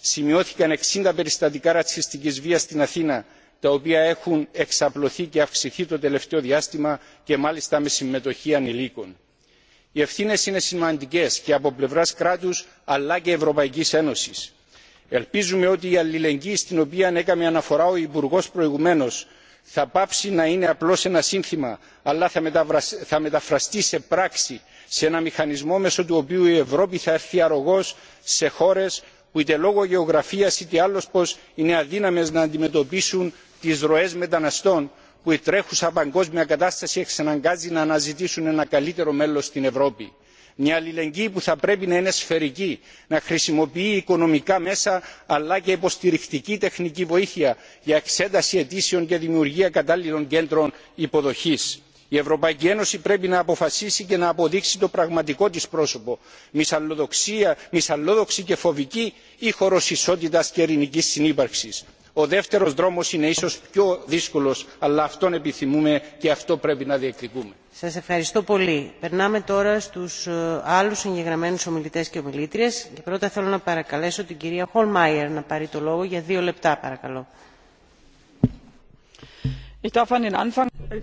σημειώθηκαν 60 περιστατικά ρατσιστικής βίας στην αθήνα τα οποία έχουν εξαπλωθεί και αυξηθεί το τελευταίο διάστημα και μάλιστα με συμμετοχή ανηλίκων οι ευθύνε είναι σημαντικέ και από πλευρά κράτου αλλά και ευρωπαϊκή ένωση. ελπίζουμε ότι η αλληλεγγύη στην οποία έκανε αναφορά ο υπουργό προηγουμένω θα πάψει να είναι απλώ ένα σύνθημα αλλά θα μεταφραστεί σε πράξη σε ένα μηχανισμό μέσω του οποίου η ευρώπη θα έρθει αρρωγό σε χώρε που είτε λόγω γεωγραφία είτε άλλω πω είναι αδύναμε να αντιμετωπίσουν τι ροέ μεταναστών που η τρέχουσα παγκόσμια κατάσταση εξαναγκάζει να αναζητήσουν ένα καλύτερο μέλλον στην ευρώπη. μια αλληλεγγύη που θα πρέπει να είναι σφαιρική να χρησιμοποιεί οικονομικά μέσα αλλά και υποστηρικτική τεχνική βοήθεια για εξέταση αιτήσεων και δημιουργία κατάλληλων κέντρων υποδοχή. η ευρωπαϊκή ένωση πρέπει να αποφασίσει και να αποδείξει το πραγματικό τη πρόσωπο μυσαλλόδοξη και φοβική ή ισότητα και ειρηνική συνύπαρξη ο δεύτερος δρόμος είναι ίσως πιο δύσκολος αλλά αυτόν επιθυμούμε και αυτό πρέπει να διεκδικούμε. Σας ευχαριστώ πολύ. Περνάμε τώρα στους ε, άλλους εγγεγραμμένους ομιλητές και ομιλήτριες και πρώτα θέλω να παρακαλέσω την κυρία Χολμάιερ να πάρει το λόγο για δύο λεπτά παρακαλώ.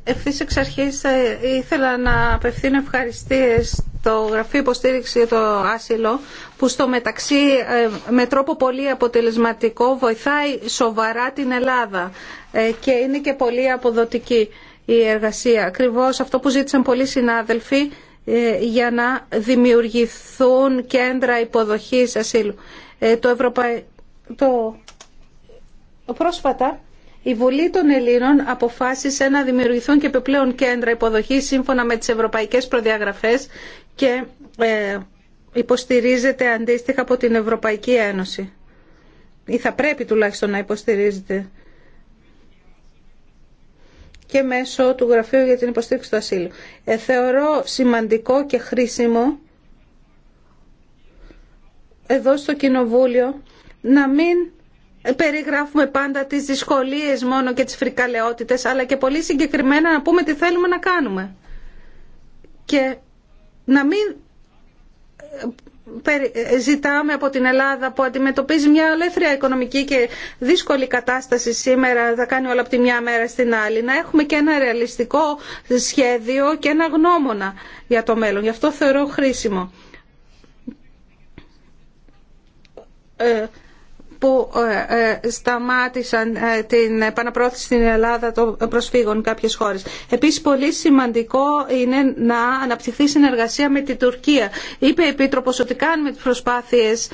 Ευθύς εξ αρχής ε, ήθελα να απευθύνω ευχαριστίες το Γραφείο Υποστήριξη για το Άσυλο που στο μεταξύ ε, με τρόπο πολύ αποτελεσματικό βοηθάει σοβαρά την Ελλάδα ε, και είναι και πολύ αποδοτική η εργασία. Ακριβώς αυτό που ζήτησαν πολλοί συνάδελφοι ε, για να δημιουργηθούν κέντρα υποδοχής ασύλου. Το, Ευρωπα... Πρόσφατα η Βουλή των Ελλήνων αποφάσισε να δημιουργηθούν και επιπλέον κέντρα υποδοχής σύμφωνα με τις ευρωπαϊκές προδιαγραφές και ε, υποστηρίζεται αντίστοιχα από την Ευρωπαϊκή Ένωση ή θα πρέπει τουλάχιστον να υποστηρίζεται και μέσω του Γραφείου για την Υποστήριξη του Ασύλου. Ε, θεωρώ σημαντικό και χρήσιμο εδώ στο Κοινοβούλιο να μην περιγράφουμε πάντα τις δυσκολίες μόνο και τις φρικαλαιότητες αλλά και πολύ συγκεκριμένα να πούμε τι θέλουμε να κάνουμε. Και να μην ε, ε, ζητάμε από την Ελλάδα που αντιμετωπίζει μια ολέθρια οικονομική και δύσκολη κατάσταση σήμερα, θα κάνει όλα από τη μια μέρα στην άλλη, να έχουμε και ένα ρεαλιστικό σχέδιο και ένα γνώμονα για το μέλλον. Γι' αυτό θεωρώ χρήσιμο. Ε, που ε, ε, σταμάτησαν ε, την επαναπρόθεση στην Ελλάδα των προσφύγων κάποιες χώρες. Επίσης πολύ σημαντικό είναι να αναπτυχθεί συνεργασία με την Τουρκία. Είπε η Επίτροπος ότι κάνουμε τις προσπάθειες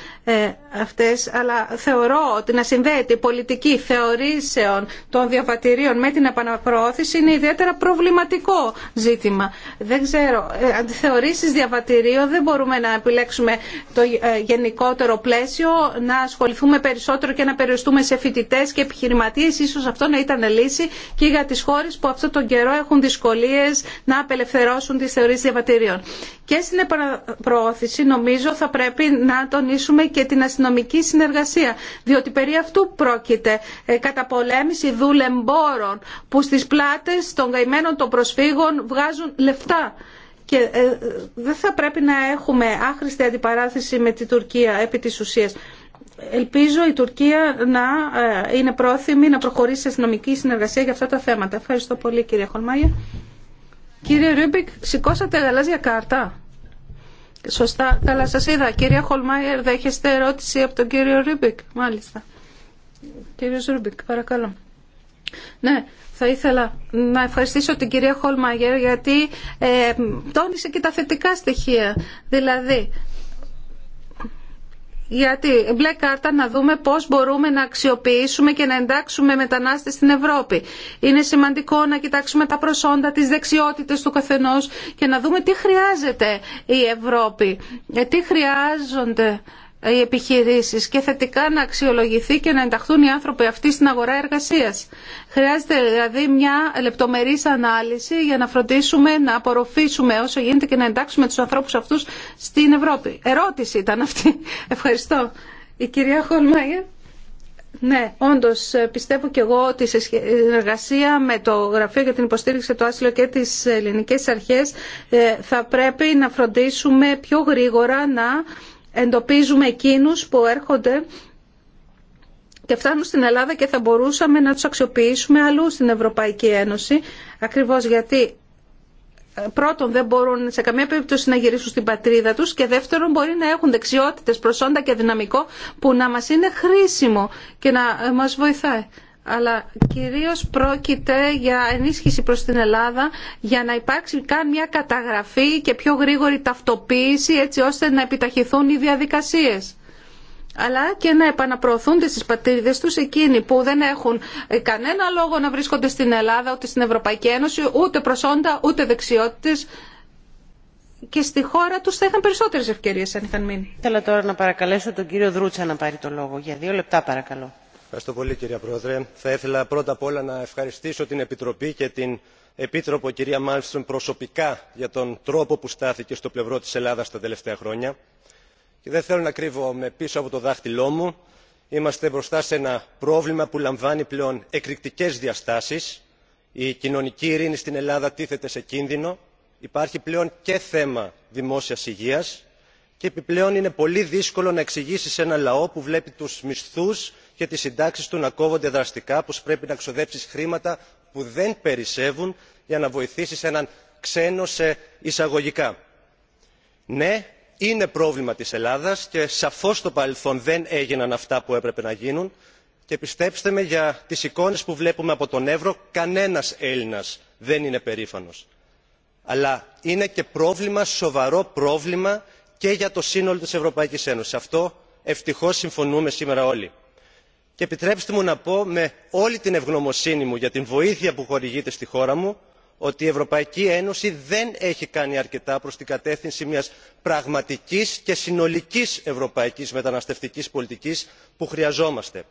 αυτές, αλλά θεωρώ ότι να συνδέεται η πολιτική θεωρήσεων των διαβατηρίων με την επαναπροώθηση είναι ιδιαίτερα προβληματικό ζήτημα. Δεν ξέρω, ε, αντιθεωρήσεις διαβατηρίων δεν μπορούμε να επιλέξουμε το ε, γενικότερο πλαίσιο, να ασχοληθούμε περισσότερο και να περιοριστούμε σε φοιτητέ και επιχειρηματίες, ίσως αυτό να ήταν λύση και για τις χώρες που αυτόν τον καιρό έχουν δυσκολίες να απελευθερώσουν τις θεωρήσεις διαβατηρίων. Και στην επαναπροώθηση νομίζω θα πρέπει να τονίσουμε και την αστυνομική συνεργασία. Διότι περί αυτού πρόκειται ε, καταπολέμηση δουλεμπόρων που στις πλάτες των καημένων των προσφύγων βγάζουν λεφτά. Και ε, ε, δεν θα πρέπει να έχουμε άχρηστη αντιπαράθεση με τη Τουρκία επί της ουσίας. Ελπίζω η Τουρκία να είναι πρόθυμη να προχωρήσει σε αστυνομική συνεργασία για αυτά τα θέματα. Ευχαριστώ πολύ κύριε Χολμάγια. Κύριε Ρούμπικ, σηκώσατε γαλάζια κάρτα. Σωστά. Καλά σας είδα. Κυρία Χολμάιερ, δέχεστε ερώτηση από τον κύριο Ρούμπικ. Μάλιστα. κύριο Ρούμπικ, παρακαλώ. Ναι, θα ήθελα να ευχαριστήσω την κυρία Χολμάγερ γιατί ε, τόνισε και τα θετικά στοιχεία. Δηλαδή, γιατί μπλε κάρτα να δούμε πώς μπορούμε να αξιοποιήσουμε και να εντάξουμε μετανάστες στην Ευρώπη. Είναι σημαντικό να κοιτάξουμε τα προσόντα, τις δεξιότητες του καθενός και να δούμε τι χρειάζεται η Ευρώπη, ε, τι χρειάζονται οι επιχειρήσεις και θετικά να αξιολογηθεί και να ενταχθούν οι άνθρωποι αυτοί στην αγορά εργασία. Χρειάζεται δηλαδή μια λεπτομερή ανάλυση για να φροντίσουμε να απορροφήσουμε όσο γίνεται και να εντάξουμε του ανθρώπου αυτού στην Ευρώπη. Ερώτηση ήταν αυτή. Ευχαριστώ. Η κυρία Χολμάγερ. Ναι, όντω πιστεύω και εγώ ότι σε συνεργασία με το Γραφείο για την Υποστήριξη του Άσυλο και τι ελληνικέ αρχέ ε, θα πρέπει να φροντίσουμε πιο γρήγορα να εντοπίζουμε εκείνους που έρχονται και φτάνουν στην Ελλάδα και θα μπορούσαμε να τους αξιοποιήσουμε αλλού στην Ευρωπαϊκή Ένωση, ακριβώς γιατί ε, πρώτον δεν μπορούν σε καμία περίπτωση να γυρίσουν στην πατρίδα τους και δεύτερον μπορεί να έχουν δεξιότητες, προσόντα και δυναμικό που να μας είναι χρήσιμο και να ε, μας βοηθάει αλλά κυρίως πρόκειται για ενίσχυση προς την Ελλάδα για να υπάρξει καν μια καταγραφή και πιο γρήγορη ταυτοποίηση έτσι ώστε να επιταχυθούν οι διαδικασίες αλλά και να επαναπροωθούνται στις πατρίδες τους εκείνοι που δεν έχουν ε, κανένα λόγο να βρίσκονται στην Ελλάδα ούτε στην Ευρωπαϊκή Ένωση ούτε προσόντα ούτε δεξιότητες και στη χώρα τους θα είχαν περισσότερες ευκαιρίες αν είχαν μείνει. Θέλω τώρα να παρακαλέσω τον κύριο Δρούτσα να πάρει το λόγο για δύο λεπτά παρακαλώ. Πολύ, κύριε Πρόεδρε. Θα ήθελα πρώτα απ' όλα να ευχαριστήσω την Επιτροπή και την Επίτροπο κυρία Μάλμστρομ προσωπικά για τον τρόπο που στάθηκε στο πλευρό της Ελλάδας τα τελευταία χρόνια. Και δεν θέλω να κρύβω πίσω από το δάχτυλό μου. Είμαστε μπροστά σε ένα πρόβλημα που λαμβάνει πλέον εκρηκτικές διαστάσεις. Η κοινωνική ειρήνη στην Ελλάδα τίθεται σε κίνδυνο. Υπάρχει πλέον και θέμα δημόσιας υγείας και επιπλέον είναι πολύ δύσκολο να εξηγήσει σε ένα λαό που βλέπει τους μισθούς και τι συντάξει του να κόβονται δραστικά πω πρέπει να ξοδέψει χρήματα που δεν περισσεύουν για να βοηθήσει έναν ξένο σε εισαγωγικά. ναι είναι πρόβλημα τη Ελλάδα, και σαφώς στο παρελθόν δεν έγιναν αυτά που έπρεπε να γίνουν και πιστέψτε με για τι εικόνε που βλέπουμε από τον εύρο κανένα Έλληνα δεν είναι περήφανο. αλλά είναι και πρόβλημα σοβαρό πρόβλημα και για το σύνολο τη Ευρωπαϊκή Ένωση. αυτό ευτυχώ συμφωνούμε σήμερα όλοι και επιτρέψτε μου να πω με όλη την ευγνωμοσύνη μου για την βοήθεια που χορηγείται στη χώρα μου ότι η ευρωπαϊκή ένωση δεν έχει κάνει αρκετά προς την κατεύθυνση μιας πραγματικής και συνολικής ευρωπαϊκής μεταναστευτικής πολιτικής που χρειαζόμαστε.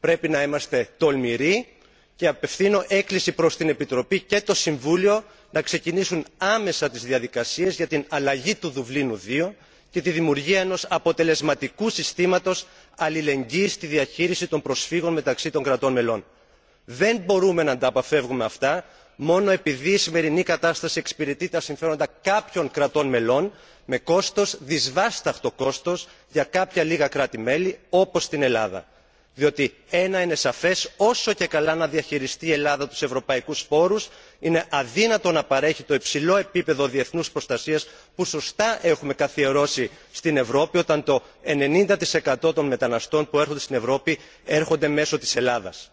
πρέπει να είμαστε τολμηροί και απευθύνω έκκληση προς την επιτροπή και το συμβούλιο να ξεκινήσουν άμεσα τις διαδικασίες για την αλλαγή του δουβλίνου 2 και τη δημιουργία ενός αποτελεσματικού συστήματος αλληλεγγύη στη διαχείριση των προσφύγων μεταξύ των κρατών μελών. δεν μπορούμε να τα αποφεύγουμε αυτά μόνο επειδή η σημερινή κατάσταση εξυπηρετεί τα συμφέροντα κάποιων κρατών μελών με κόστος δυσβάσταχτο κόστο για κάποια λίγα κράτη μέλη όπω την ελλάδα. διότι ένα είναι σαφέ, όσο και καλά να διαχειριστεί η ελλάδα του Ευρωπαϊκού πόρου είναι αδύνατο να παρέχει το υψηλό επίπεδο διεθνούς προστασίας που σωστά έχουμε καθιερώσει στην ευρώπη όταν το 90% των μεταναστών που έρχονται στην ευρώπη έρχονται μέσω της ελλάδας.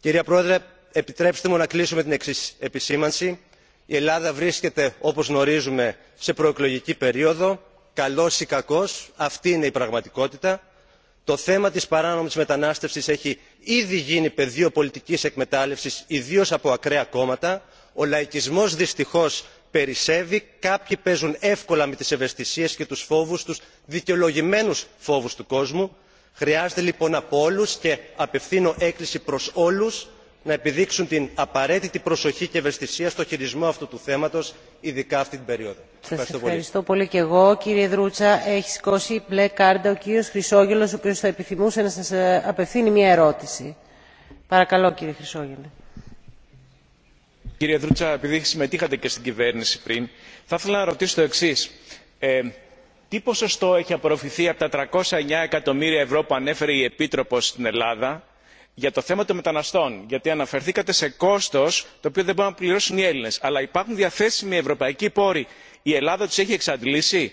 κυρία πρόεδρε επιτρέψτε μου να κλείσω με την εξής επισήμανση η ελλάδα βρίσκεται όπως γνωρίζουμε σε προεκλογική περίοδο. καλός ή κακός αυτή είναι η πραγματικότητα το θέμα της παράνομης μετανάστευσης έχει ήδη γίνει πεδίο πολιτικής εκμετάλλευσης ιδίως από ακραία κόμματα ο λαϊκισμός δυστυχώς περισσεύει κάποιοι παίζουν εύκολα με τις ευαισθησίες και τους φόβους τους δικαιολογημένους φόβους του κόσμου. χρειάζεται λοιπόν από όλους και απευθύνω έκκληση προς όλους να επιδείξουν την απαραίτητη προσοχή και ευαισθησία στο χειρισμό αυτού του θέματος ειδικά αυτή την περίοδο. Σας ευχαριστώ πολύ. ευχαριστώ και εγώ. Κύριε Δρούτσα, έχει σηκώσει μπλε κάρτα ο κύριος Χρυσόγελος, ο οποίος θα επιθυμούσε να σας ε, απευθύνει μια ερώτηση. Παρακαλώ κύριε Χρυσόγελε. Κύριε Δρούτσα, επειδή συμμετείχατε και στην κυβέρνηση πριν, θα ήθελα να ρωτήσω το εξή. Ε, τι ποσοστό έχει απορροφηθεί από τα 309 εκατομμύρια ευρώ που ανέφερε η Επίτροπος στην Ελλάδα για το θέμα των μεταναστών γιατί αναφερθήκατε σε κόστο, το οποίο δεν μπορούν να πληρώσουν οι Έλληνε. αλλά υπάρχουν διαθέσιμοι ευρωπαϊκοί πόροι η ελλάδα του έχει εξαντλήσει.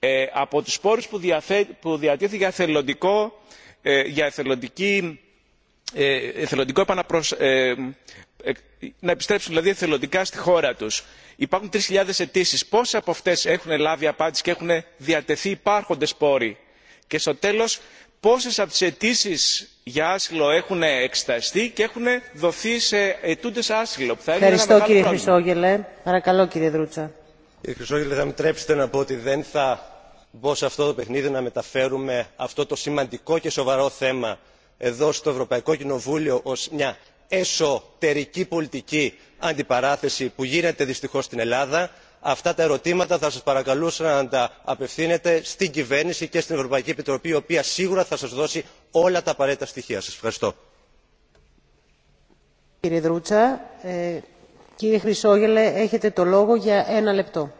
Ε, από του πόρου που, διαθε... διατίθεται για εθελοντικό, ε, για εθελοντική, ε, εθελοντικό επαναπροσ... να επιστρέψουν δηλαδή εθελοντικά στη χώρα του. υπάρχουν 3.000 αιτήσει. πόσες από αυτέ έχουν λάβει απάντηση και έχουν διατεθεί υπάρχοντες πόροι και στο τέλο, πόσε από τι αιτήσει για άσυλο έχουν εξεταστεί και έχουν δοθεί σε αιτούντε άσυλο. Που θα Ευχαριστώ ένα κύριε Χρυσόγελε. Παρακαλώ κύριε Δρούτσα. Κύριε Χρυσόγελε θα μου τρέψετε να πω ότι δεν θα μπω σε αυτό το παιχνίδι να μεταφέρουμε αυτό το σημαντικό και σοβαρό θέμα εδώ στο Ευρωπαϊκό Κοινοβούλιο ω μια εσωτερική πολιτική αντιπαράθεση που γίνεται δυστυχώ στην Ελλάδα αυτά τα ερωτήματα θα σας παρακαλούσα να τα απευθύνετε στην κυβέρνηση και στην ευρωπαϊκή επιτροπή η οποία σίγουρα θα σας δώσει όλα τα απαραίτητα στοιχεία. σας ευχαριστώ. Κύριε Δρούτσα, ε, κύριε Χρυσόγελε, έχετε το λόγο για ένα λεπτό.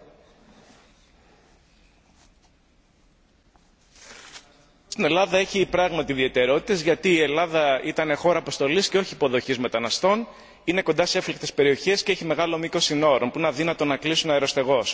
Στην Ελλάδα έχει πράγματι ιδιαιτερότητες γιατί η Ελλάδα ήταν χώρα αποστολής και όχι υποδοχής μεταναστών είναι κοντά σε έφλεκτε περιοχέ και έχει μεγάλο μήκο συνόρων που είναι αδύνατο να κλείσουν αεροστεγώ.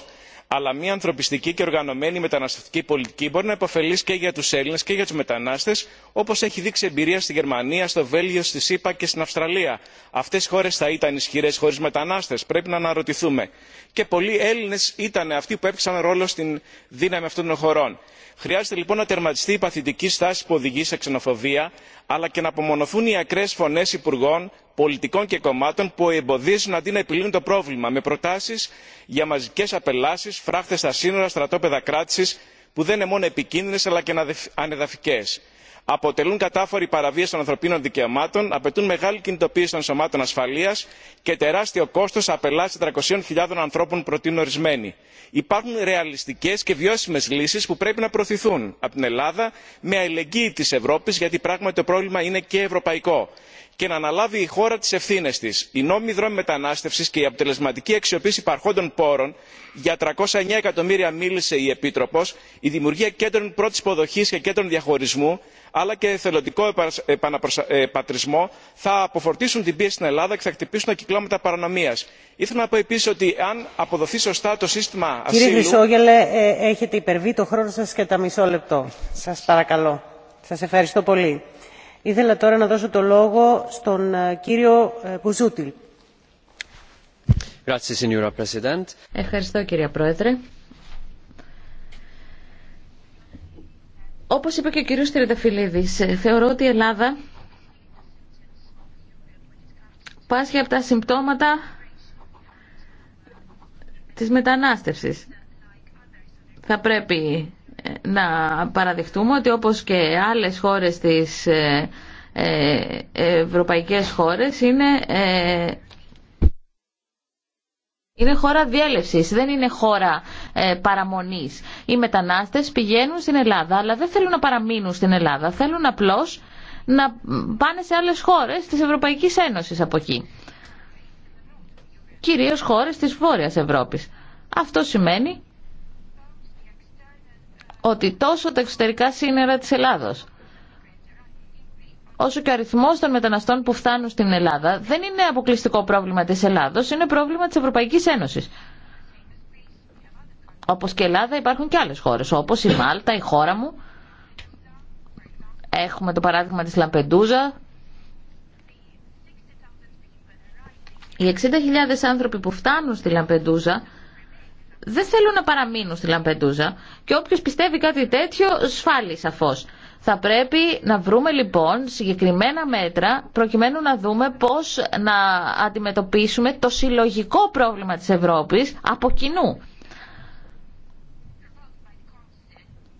αλλά μια ανθρωπιστική και οργανωμένη μεταναστευτική πολιτική μπορεί να υποφελεί και για του έλληνε και για του μετανάστε όπω έχει δείξει εμπειρία στη γερμανία στο βέλγιο στη ηπα και στην αυστραλία. αυτέ οι χώρε θα ήταν ισχυρέ χωρί μετανάστε πρέπει να αναρωτηθούμε. και πολλοί έλληνε ήταν αυτοί που έπαιξαν ρόλο στην δύναμη αυτών των χωρών. χρειάζεται λοιπόν να τερματιστεί η παθητική στάση που οδηγεί σε ξενοφοβία αλλά και να απομονωθούν οι ακραίε φωνέ υπουργών πολιτικών και κομμάτων που εμποδίζουν αντί να επιλύουν το πρόβλημα με προτάσει για μαζικέ απελάσει, φράχτε στα σύνορα στρατόπεδα κράτηση που δεν είναι μόνο επικίνδυνε αλλά και ανεδαφικέ. αποτελούν κατάφορη παραβίαση των ανθρωπίνων δικαιωμάτων απαιτούν μεγάλη κινητοποίηση των σωμάτων ασφαλεία και τεράστιο κόστο απελάσει 400.000 ανθρώπων προτείνουν ορισμένοι. υπάρχουν ρεαλιστικέ και βιώσιμε λύσει που πρέπει να προωθηθούν από την ελλάδα με αλληλεγγύη τη ευρώπη γιατί πράγματι το πρόβλημα είναι και ευρωπαϊκό και να αναλάβει η χώρα τι ευθύνε τη. οι νόμιμοι δρόμοι μετανάστευση και η αποτελεσματική αξιοποίηση υπαρχόντων πόρων για 309 εκατομμύρια μίλησε η επίτροπο η δημιουργία κέντρων πρώτη υποδοχή και κέντρων διαχωρισμού αλλά και εθελοντικό επαναπατρισμό ε, θα αποφορτήσουν την πίεση στην Ελλάδα και θα χτυπήσουν τα κυκλώματα παρανομία. ήθελα να πω επίση ότι αν αποδοθεί σωστά το σύστημα ασύλου. Κύριε Χρυσόγελε, ε, έχετε υπερβεί το χρόνο σα και τα μισό λεπτό. Σα παρακαλώ. Σα ευχαριστώ πολύ. Ήθελα τώρα να δώσω το λόγο στον ε, κύριο ε, Πουζούτιλ. Ευχαριστώ κύριε Πρόεδρε. Όπως είπε και ο κύριος Τριανταφυλλίδης, ε, θεωρώ ότι η Ελλάδα πάσχει από τα συμπτώματα της μετανάστευσης. Θα πρέπει να παραδεχτούμε ότι όπως και άλλες χώρες της ε, ε, ευρωπαϊκές χώρες είναι ε, είναι χώρα διέλευση, δεν είναι χώρα ε, παραμονή. Οι μετανάστες πηγαίνουν στην Ελλάδα, αλλά δεν θέλουν να παραμείνουν στην Ελλάδα. Θέλουν απλώς να πάνε σε άλλες χώρες της Ευρωπαϊκής Ένωσης από εκεί. κυρίως χώρες της Βόρειας Ευρώπη. Αυτό σημαίνει ότι τόσο τα εξωτερικά σύνορα της Ελλάδος όσο και ο αριθμό των μεταναστών που φτάνουν στην Ελλάδα δεν είναι αποκλειστικό πρόβλημα της Ελλάδος, είναι πρόβλημα της Ευρωπαϊκής Ένωσης. Όπως και η Ελλάδα υπάρχουν και άλλες χώρες, όπως η Μάλτα, η χώρα μου. Έχουμε το παράδειγμα της Λαμπεντούζα. Οι 60.000 άνθρωποι που φτάνουν στη Λαμπεντούζα δεν θέλουν να παραμείνουν στη Λαμπεντούζα και όποιος πιστεύει κάτι τέτοιο σφάλει σαφώς. Θα πρέπει να βρούμε λοιπόν συγκεκριμένα μέτρα προκειμένου να δούμε πώς να αντιμετωπίσουμε το συλλογικό πρόβλημα της Ευρώπης από κοινού.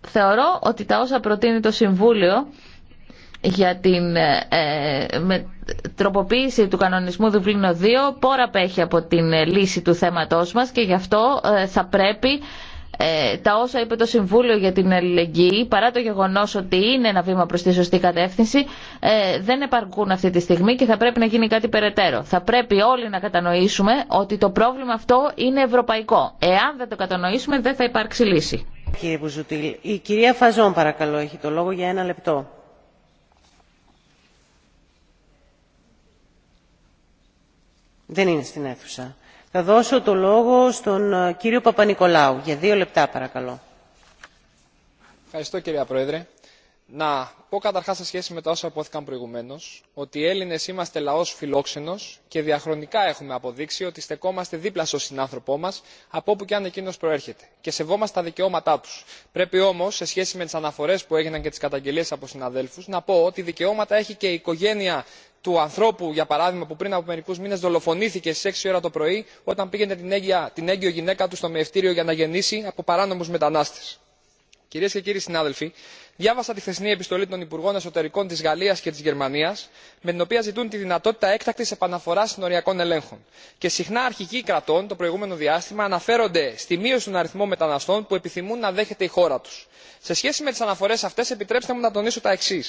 Θεωρώ ότι τα όσα προτείνει το Συμβούλιο για την ε, ε, με, τροποποίηση του κανονισμού Δουβλίνο 2 πόρα απέχει από την ε, λύση του θέματός μας και γι' αυτό θα πρέπει τα όσα είπε το Συμβούλιο για την Αλληλεγγύη, παρά το γεγονό ότι είναι ένα βήμα προ τη σωστή κατεύθυνση, δεν επαρκούν αυτή τη στιγμή και θα πρέπει να γίνει κάτι περαιτέρω. Θα πρέπει όλοι να κατανοήσουμε ότι το πρόβλημα αυτό είναι ευρωπαϊκό. Εάν δεν το κατανοήσουμε, δεν θα υπάρξει λύση. Κύριε η κυρία Φαζόν, παρακαλώ, έχει το λόγο για ένα λεπτό. Δεν είναι στην αίθουσα. Θα δώσω το λόγο στον ε, κύριο Παπα-Νικολάου. Για δύο λεπτά παρακαλώ. Ευχαριστώ κυρία Πρόεδρε να πω καταρχά σε σχέση με τα όσα υπόθηκαν προηγουμένω ότι οι Έλληνε είμαστε λαό φιλόξενο και διαχρονικά έχουμε αποδείξει ότι στεκόμαστε δίπλα στον συνάνθρωπό μα από όπου και αν εκείνο προέρχεται και σεβόμαστε τα δικαιώματά του. Πρέπει όμω σε σχέση με τι αναφορέ που έγιναν και τι καταγγελίε από συναδέλφου να πω ότι δικαιώματα έχει και η οικογένεια του ανθρώπου για παράδειγμα που πριν από μερικού μήνε δολοφονήθηκε στι 6 ώρα το πρωί όταν πήγαινε την έγκυο γυναίκα του στο μεευτήριο για να γεννήσει από παράνομου μετανάστε. Κυρίε και κύριοι συνάδελφοι, διάβασα τη χθεσινή επιστολή των υπουργών εσωτερικών τη γαλλία και τη γερμανία με την οποία ζητούν τη δυνατότητα έκτακτη επαναφορά συνοριακών ελέγχων και συχνά αρχηγοί κρατών το προηγούμενο διάστημα αναφέρονται στη μείωση των αριθμών μεταναστών που επιθυμούν να δέχεται η χώρα του. σε σχέση με τι αναφορέ αυτέ επιτρέψτε μου να τονίσω τα εξή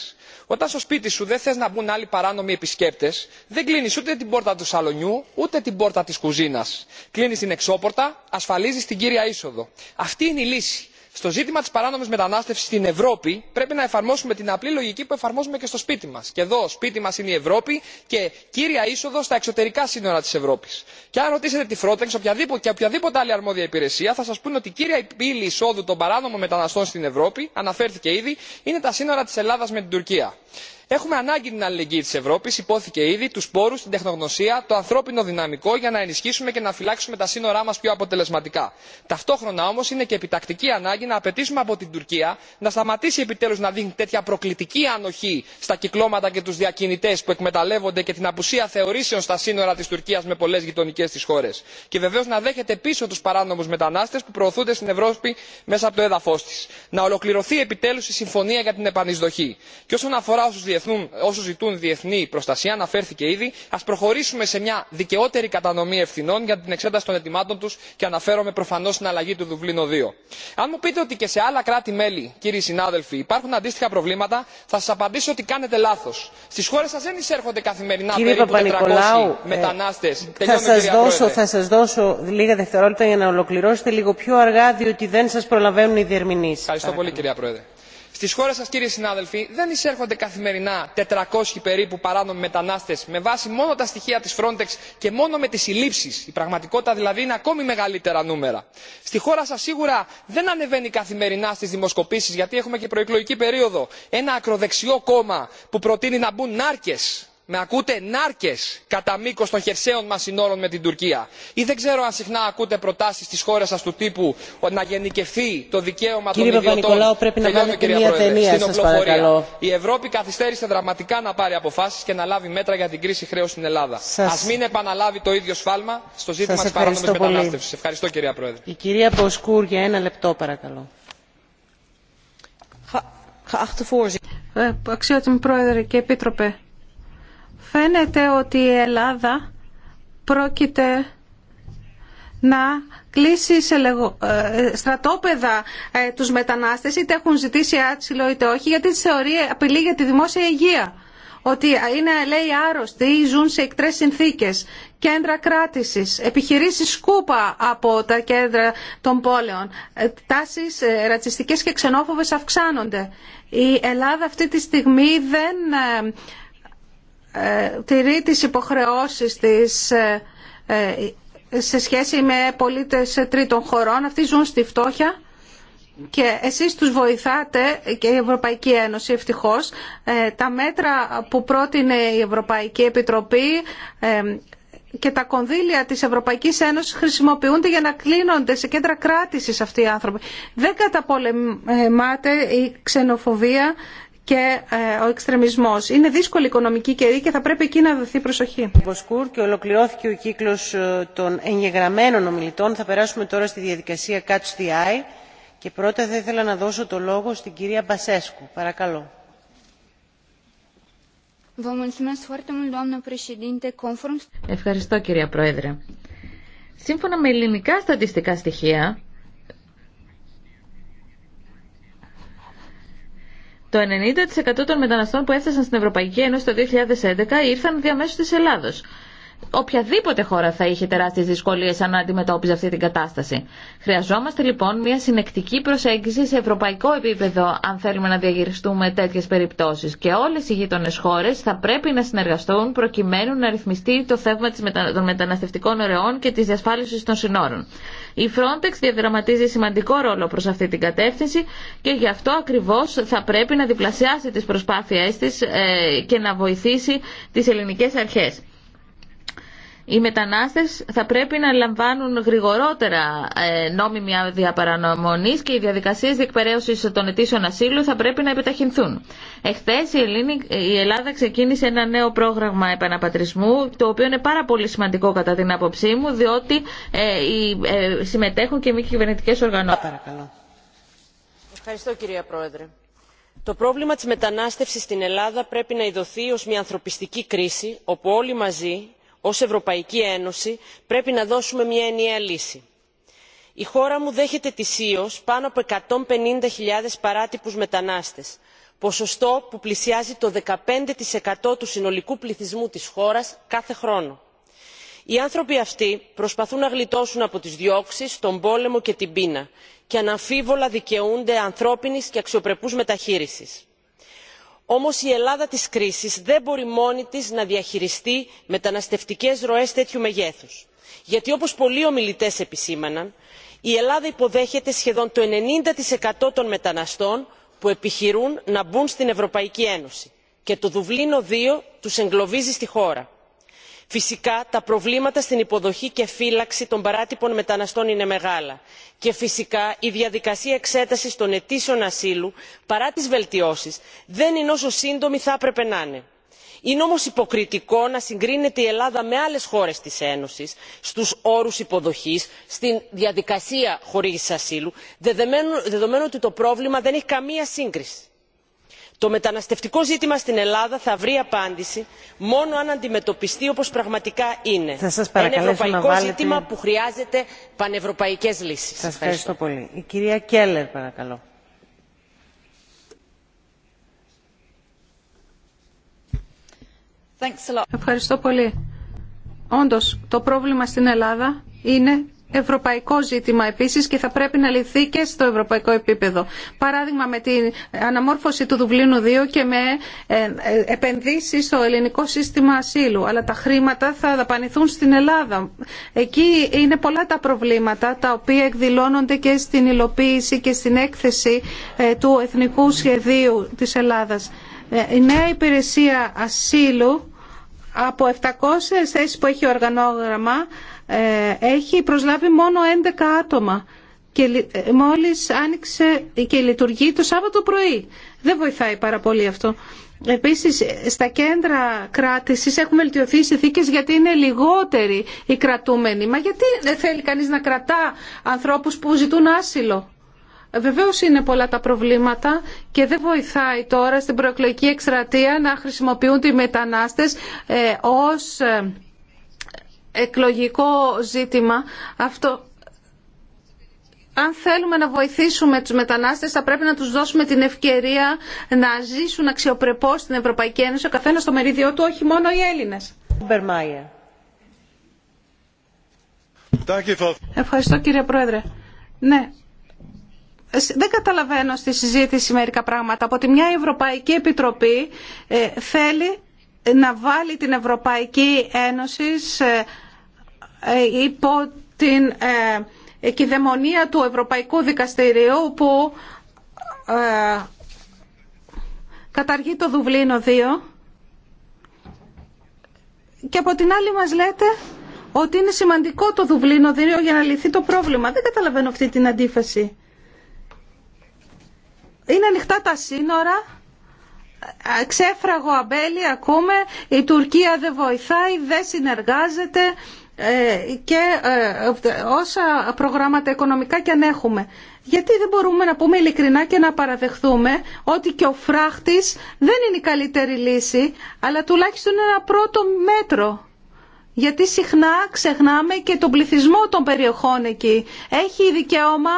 όταν στο σπίτι σου δεν θε να μπουν άλλοι παράνομοι επισκέπτε δεν κλείνει ούτε την πόρτα του σαλονιού ούτε την πόρτα τη κουζίνα. κλείνει την εξώπορτα ασφαλίζει την κύρια είσοδο. αυτή είναι η λύση στο ζήτημα τη παράνομη μετανάστευση στην ευρώπη πρέπει να εφαρμόσουμε την απλή λογική που εφαρμόζουμε και στο σπίτι μα. και εδώ σπίτι μα είναι η ευρώπη και κύρια είσοδο στα εξωτερικά σύνορα τη ευρώπη. και αν ρωτήσετε τη frontex και οποιαδήποτε άλλη αρμόδια υπηρεσία θα σα πούνε ότι η κύρια πύλη εισόδου των παράνομων μεταναστών στην ευρώπη αναφέρθηκε ήδη είναι τα σύνορα τη ελλάδα με την τουρκία έχουμε ανάγκη την αλληλεγγύη τη ευρώπη υπόθηκε ήδη του πόρου την τεχνογνωσία το ανθρώπινο δυναμικό για να ενισχύσουμε και να φυλάξουμε τα σύνορά μα πιο αποτελεσματικά. ταυτόχρονα όμω είναι και επιτακτική ανάγκη να απαιτήσουμε από την τουρκία να σταματήσει επιτέλου να δίνει τέτοια προκλητική ανοχή στα κυκλώματα και του διακινητέ που εκμεταλλεύονται και την απουσία θεωρήσεων στα σύνορα τη τουρκία με πολλέ γειτονικέ τη χώρε και βεβαίω να δέχεται πίσω του παράνομου μετανάστε που προωθούνται στην ευρώπη μέσα από το έδαφο τη. να ολοκληρωθεί επιτέλου η συμφωνία για την επανεισδοχή όσου ζητούν διεθνή προστασία αναφέρθηκε ήδη α προχωρήσουμε σε μια δικαιότερη κατανομή ευθυνών για την εξέταση των αιτημάτων του και αναφέρομαι προφανώ στην αλλαγή του δουβλίνου 2. αν μου πείτε ότι και σε άλλα κράτη μέλη κύριοι συνάδελφοι υπάρχουν αντίστοιχα προβλήματα θα σα απαντήσω ότι κάνετε λάθο. στι χώρε σα δεν εισέρχονται καθημερινά περίπου 400 μετανάστε. θα σα δώσω λίγα δευτερόλεπτα για να ολοκληρώσετε λίγο πιο αργά διότι δεν σα προλαβαίνουν οι διερμηνεί. Ευχαριστώ πολύ κυρία Πρόεδρε στις χώρες σας κύριοι συνάδελφοι δεν εισέρχονται καθημερινά 400 περίπου παράνομοι μετανάστες με βάση μόνο τα στοιχεία της Frontex και μόνο με τις συλλήψεις. Η πραγματικότητα δηλαδή είναι ακόμη μεγαλύτερα νούμερα. Στη χώρα σας σίγουρα δεν ανεβαίνει καθημερινά στις δημοσκοπήσεις γιατί έχουμε και προεκλογική περίοδο ένα ακροδεξιό κόμμα που προτείνει να μπουν νάρκες με ακούτε νάρκες κατά μήκος των χερσαίων μας συνόρων με την τουρκία ή δεν ξέρω αν συχνά ακούτε προτάσεις της χώρας σας του τύπου να γενικευθεί το δικαίωμα των ιδιωτών στην οπλοφορία. η ευρώπη καθυστέρησε δραματικά να πάρει αποφάσεις και να λάβει μέτρα για την κρίση χρέους στην ελλάδα. Σας... ας μην επαναλάβει το ίδιο σφάλμα στο ζήτημα της παράνομης μετανάστευσης. ευχαριστώ κυρία πρόεδρε. Η κυρία Μποσκούρ, για ένα λεπτό, παρακαλώ. Ε, αξιότιμη Πρόεδρε και Επίτροπε, Φαίνεται ότι η Ελλάδα πρόκειται να κλείσει σε ε, στρατόπεδα ε, τους μετανάστες, είτε έχουν ζητήσει άτσιλο είτε όχι, γιατί θεωρεί απειλή για τη δημόσια υγεία. Ότι είναι, λέει, άρρωστοι ή ζουν σε εκτρές συνθήκες, κέντρα κράτησης, επιχειρήσεις σκούπα από τα κέντρα των πόλεων, ε, τάσεις ρατσιστικές και ξενόφοβες αυξάνονται. Η Ελλάδα αυτή τη στιγμή δεν ε, τηρεί τις υποχρεώσεις της ε, ε, σε σχέση με πολίτες τρίτων χωρών. Αυτοί ζουν στη φτώχεια και εσείς τους βοηθάτε και η Ευρωπαϊκή Ένωση ευτυχώς. Τα μέτρα που πρότεινε η Ευρωπαϊκή Επιτροπή και τα κονδύλια της Ευρωπαϊκής Ένωσης χρησιμοποιούνται για να κλείνονται σε κέντρα κράτησης αυτοί οι άνθρωποι. Δεν καταπολεμάται η ξενοφοβία και ε, ο εξτρεμισμό. Είναι δύσκολη οικονομική καιρή και θα πρέπει εκεί να δοθεί προσοχή. και ολοκληρώθηκε ο κύκλος ε, των εγγεγραμμένων ομιλητών. Θα περάσουμε τώρα στη διαδικασία Catch the Eye και πρώτα θα ήθελα να δώσω το λόγο στην κυρία Μπασέσκου. Παρακαλώ. Ευχαριστώ κυρία Πρόεδρε. Σύμφωνα με ελληνικά στατιστικά στοιχεία, Το 90% των μεταναστών που έφτασαν στην Ευρωπαϊκή Ένωση το 2011 ήρθαν διαμέσου τη Ελλάδο. Οποιαδήποτε χώρα θα είχε τεράστιε δυσκολίε αν αντιμετώπιζε αυτή την κατάσταση. Χρειαζόμαστε λοιπόν μια συνεκτική προσέγγιση σε ευρωπαϊκό επίπεδο αν θέλουμε να διαγυριστούμε τέτοιε περιπτώσει. Και όλε οι γείτονε χώρε θα πρέπει να συνεργαστούν προκειμένου να ρυθμιστεί το θέμα των μεταναστευτικών ωρεών και τη διασφάλιση των συνόρων. Η Frontex διαδραματίζει σημαντικό ρόλο προς αυτή την κατεύθυνση και γι' αυτό ακριβώς θα πρέπει να διπλασιάσει τις προσπάθειές της ε, και να βοηθήσει τις ελληνικές αρχές οι μετανάστες θα πρέπει να λαμβάνουν γρηγορότερα ε, νόμιμη άδεια παρανομονής και οι διαδικασίες διεκπαιρέωσης των αιτήσεων ασύλου θα πρέπει να επιταχυνθούν. Εχθές η, η Ελλάδα ξεκίνησε ένα νέο πρόγραμμα επαναπατρισμού, το οποίο είναι πάρα πολύ σημαντικό κατά την άποψή μου, διότι ε, ε συμμετέχουν και μη κυβερνητικέ οργανώσεις. Παρακαλώ. Ευχαριστώ κυρία Πρόεδρε. Το πρόβλημα της μετανάστευσης στην Ελλάδα πρέπει να ειδωθεί ως μια ανθρωπιστική κρίση, όπου όλοι μαζί ως ευρωπαϊκή ένωση πρέπει να δώσουμε μια ενιαία λύση. η χώρα μου δέχεται ετησίως πάνω από 150.000 παράτυπους μετανάστες ποσοστό που πλησιάζει το 15% του συνολικού πληθυσμού της χώρας κάθε χρόνο. οι άνθρωποι αυτοί προσπαθούν να γλιτώσουν από τις διώξεις τον πόλεμο και την πείνα και αναμφίβολα δικαιούνται ανθρώπινης και αξιοπρεπούς μεταχείρισης όμως η ελλάδα της κρίσης δεν μπορεί μόνη της να διαχειριστεί μεταναστευτικές ροές τέτοιου μεγέθους γιατί όπως πολλοί ομιλητές επισήμαναν η ελλάδα υποδέχεται σχεδόν το 90 των μεταναστών που επιχειρούν να μπουν στην ευρωπαϊκή ένωση και το δουβλίνο 2 τους εγκλωβίζει στη χώρα φυσικά τα προβλήματα στην υποδοχή και φύλαξη των παράτυπων μεταναστών είναι μεγάλα και φυσικά η διαδικασία εξέτασης των αιτήσεων ασύλου παρά τις βελτιώσεις δεν είναι όσο σύντομη θα έπρεπε να είναι. είναι όμως υποκριτικό να συγκρίνεται η ελλάδα με άλλες χώρες της ένωσης στους όρους υποδοχής στη διαδικασία χορήγησης ασύλου δεδομένου ότι το πρόβλημα δεν έχει καμία σύγκριση το μεταναστευτικό ζήτημα στην ελλάδα θα βρει απάντηση μόνο αν αντιμετωπιστεί όπως πραγματικά είναι ένα ευρωπαϊκό ζήτημα που χρειάζεται πανευρωπαϊκές λύσεις. Ευχαριστώ πολύ. Όντως, το πρόβλημα στην Ελλάδα είναι ευρωπαϊκό ζήτημα επίση και θα πρέπει να λυθεί και στο ευρωπαϊκό επίπεδο. Παράδειγμα με την αναμόρφωση του Δουβλίνου 2 και με ε, ε, επενδύσεις στο ελληνικό σύστημα ασύλου. Αλλά τα χρήματα θα δαπανηθούν στην Ελλάδα. Εκεί είναι πολλά τα προβλήματα τα οποία εκδηλώνονται και στην υλοποίηση και στην έκθεση ε, του Εθνικού Σχεδίου της Ελλάδας. Η νέα υπηρεσία ασύλου από 700 θέσεις που έχει οργανόγραμμα ε, έχει προσλάβει μόνο 11 άτομα και ε, μόλις άνοιξε και λειτουργεί το Σάββατο πρωί. Δεν βοηθάει πάρα πολύ αυτό. Επίσης στα κέντρα κράτησης έχουν βελτιωθεί οι συνθήκες γιατί είναι λιγότεροι οι κρατούμενοι. Μα γιατί δεν θέλει κανείς να κρατά ανθρώπους που ζητούν άσυλο. Βεβαίω είναι πολλά τα προβλήματα και δεν βοηθάει τώρα στην προεκλογική εκστρατεία να χρησιμοποιούν οι μετανάστες ε, ως εκλογικό ζήτημα. Αυτό αν θέλουμε να βοηθήσουμε τους μετανάστες θα πρέπει να τους δώσουμε την ευκαιρία να ζήσουν αξιοπρεπώς στην Ευρωπαϊκή Ένωση, ο καθένας στο μερίδιό του, όχι μόνο οι Έλληνες. Ευχαριστώ κύριε Πρόεδρε. Ναι. Δεν καταλαβαίνω στη συζήτηση μερικά πράγματα. Από τη μια η Ευρωπαϊκή Επιτροπή ε, θέλει να βάλει την Ευρωπαϊκή Ένωση σε ε, υπό την ε, κυδαιμονία του Ευρωπαϊκού Δικαστηρίου που ε, καταργεί το Δουβλίνο 2 και από την άλλη μας λέτε ότι είναι σημαντικό το Δουβλίνο 2 για να λυθεί το πρόβλημα. Δεν καταλαβαίνω αυτή την αντίφαση. Είναι ανοιχτά τα σύνορα, ξέφραγο αμπέλι ακούμε, η Τουρκία δεν βοηθάει, δεν συνεργάζεται, ε, και ε, όσα προγράμματα οικονομικά και αν έχουμε. Γιατί δεν μπορούμε να πούμε ειλικρινά και να παραδεχθούμε ότι και ο φράχτης δεν είναι η καλύτερη λύση, αλλά τουλάχιστον ένα πρώτο μέτρο. Γιατί συχνά ξεχνάμε και τον πληθυσμό των περιοχών εκεί. Έχει δικαίωμα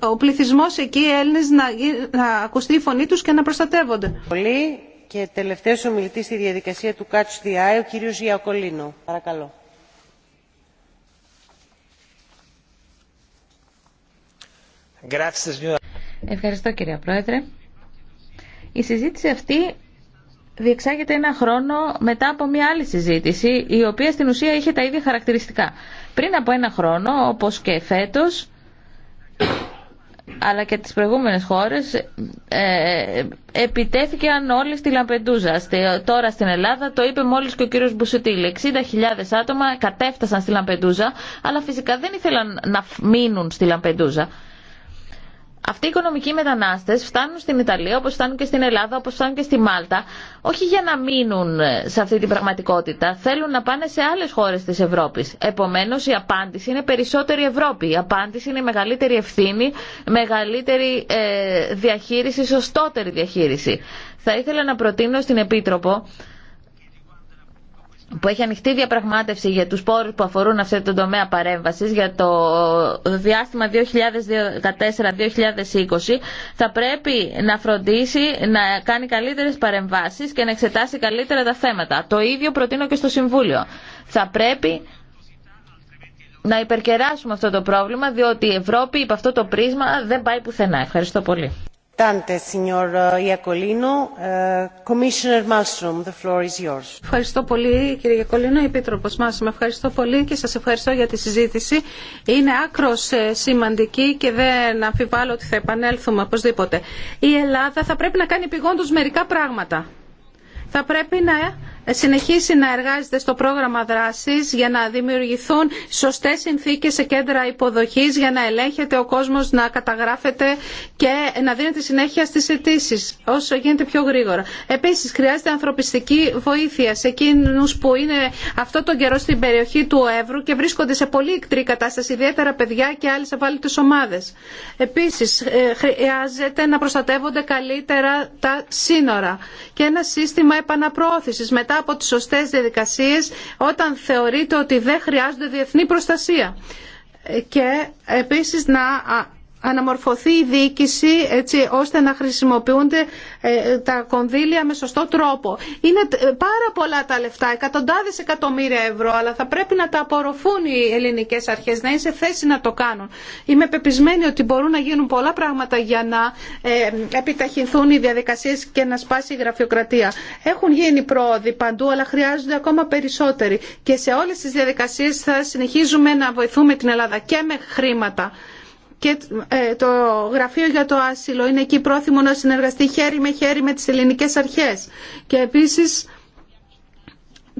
ο, ο πληθυσμός εκεί, οι Έλληνες, να, να ακουστεί η φωνή τους και να προστατεύονται. Πολύ και τελευταίος ομιλητής στη διαδικασία του Κάτσου Διάε, ο κύριος Γιακολίνο. Παρακαλώ. Ευχαριστώ κύριε Πρόεδρε. Η συζήτηση αυτή διεξάγεται ένα χρόνο μετά από μια άλλη συζήτηση η οποία στην ουσία είχε τα ίδια χαρακτηριστικά. Πριν από ένα χρόνο, όπως και φέτος, αλλά και τις προηγούμενες χώρες ε, επιτέθηκαν όλοι στη Λαμπεντούζα. Τώρα στην Ελλάδα το είπε μόλις και ο κύριος Μπουσουτήλ. 60.000 άτομα κατέφτασαν στη Λαμπεντούζα αλλά φυσικά δεν ήθελαν να μείνουν στη Λαμπεντούζα. Αυτοί οι οικονομικοί μετανάστε φτάνουν στην Ιταλία, όπω φτάνουν και στην Ελλάδα, όπω φτάνουν και στη Μάλτα, όχι για να μείνουν ε, σε αυτή την πραγματικότητα. Θέλουν να πάνε σε άλλες χώρες της Ευρώπης. Επομένω, η απάντηση είναι περισσότερη Ευρώπη. Η απάντηση είναι μεγαλύτερη ευθύνη, μεγαλύτερη ε, διαχείριση, σωστότερη διαχείριση. Θα ήθελα να προτείνω στην Επίτροπο που έχει ανοιχτή διαπραγμάτευση για τους πόρους που αφορούν αυτό το τομέα παρέμβασης για το διάστημα 2014-2020 θα πρέπει να φροντίσει να κάνει καλύτερες παρεμβάσεις και να εξετάσει καλύτερα τα θέματα. Το ίδιο προτείνω και στο Συμβούλιο. Θα πρέπει να υπερκεράσουμε αυτό το πρόβλημα διότι η Ευρώπη υπ' αυτό το πρίσμα δεν πάει πουθενά. Ευχαριστώ πολύ. Ευχαριστώ πολύ κύριε Γιακολίνο, Επίτροπος μας. Με ευχαριστώ πολύ και σας ευχαριστώ για τη συζήτηση. Είναι άκρος ε, σημαντική και δεν αμφιβάλλω ότι θα επανέλθουμε οπωσδήποτε. Η Ελλάδα θα πρέπει να κάνει πηγόντως μερικά πράγματα. Θα πρέπει να συνεχίσει να εργάζεται στο πρόγραμμα δράσης για να δημιουργηθούν σωστές συνθήκες σε κέντρα υποδοχής για να ελέγχεται ο κόσμος να καταγράφεται και να δίνεται συνέχεια στις αιτήσει όσο γίνεται πιο γρήγορα. Επίσης χρειάζεται ανθρωπιστική βοήθεια σε εκείνους που είναι αυτό τον καιρό στην περιοχή του Εύρου και βρίσκονται σε πολύ εκτρή κατάσταση, ιδιαίτερα παιδιά και άλλες ευάλωτες ομάδες. Επίσης ε, χρειάζεται να προστατεύονται καλύτερα τα σύνορα και ένα σύστημα επαναπρόθεσης μετά από τις σωστές διαδικασίες όταν θεωρείται ότι δεν χρειάζονται διεθνή προστασία. Και επίσης να αναμορφωθεί η διοίκηση έτσι ώστε να χρησιμοποιούνται ε, τα κονδύλια με σωστό τρόπο. Είναι ε, πάρα πολλά τα λεφτά, εκατοντάδες εκατομμύρια ευρώ, αλλά θα πρέπει να τα απορροφούν οι ελληνικές αρχές, να είναι σε θέση να το κάνουν. Είμαι πεπισμένη ότι μπορούν να γίνουν πολλά πράγματα για να ε, επιταχυνθούν οι διαδικασίες και να σπάσει η γραφειοκρατία. Έχουν γίνει πρόοδοι παντού, αλλά χρειάζονται ακόμα περισσότεροι. Και σε όλες τις διαδικασίες θα συνεχίζουμε να βοηθούμε την Ελλάδα και με χρήματα και ε, το Γραφείο για το Άσυλο είναι εκεί πρόθυμο να συνεργαστεί χέρι με χέρι με τις ελληνικές αρχές. Και επίσης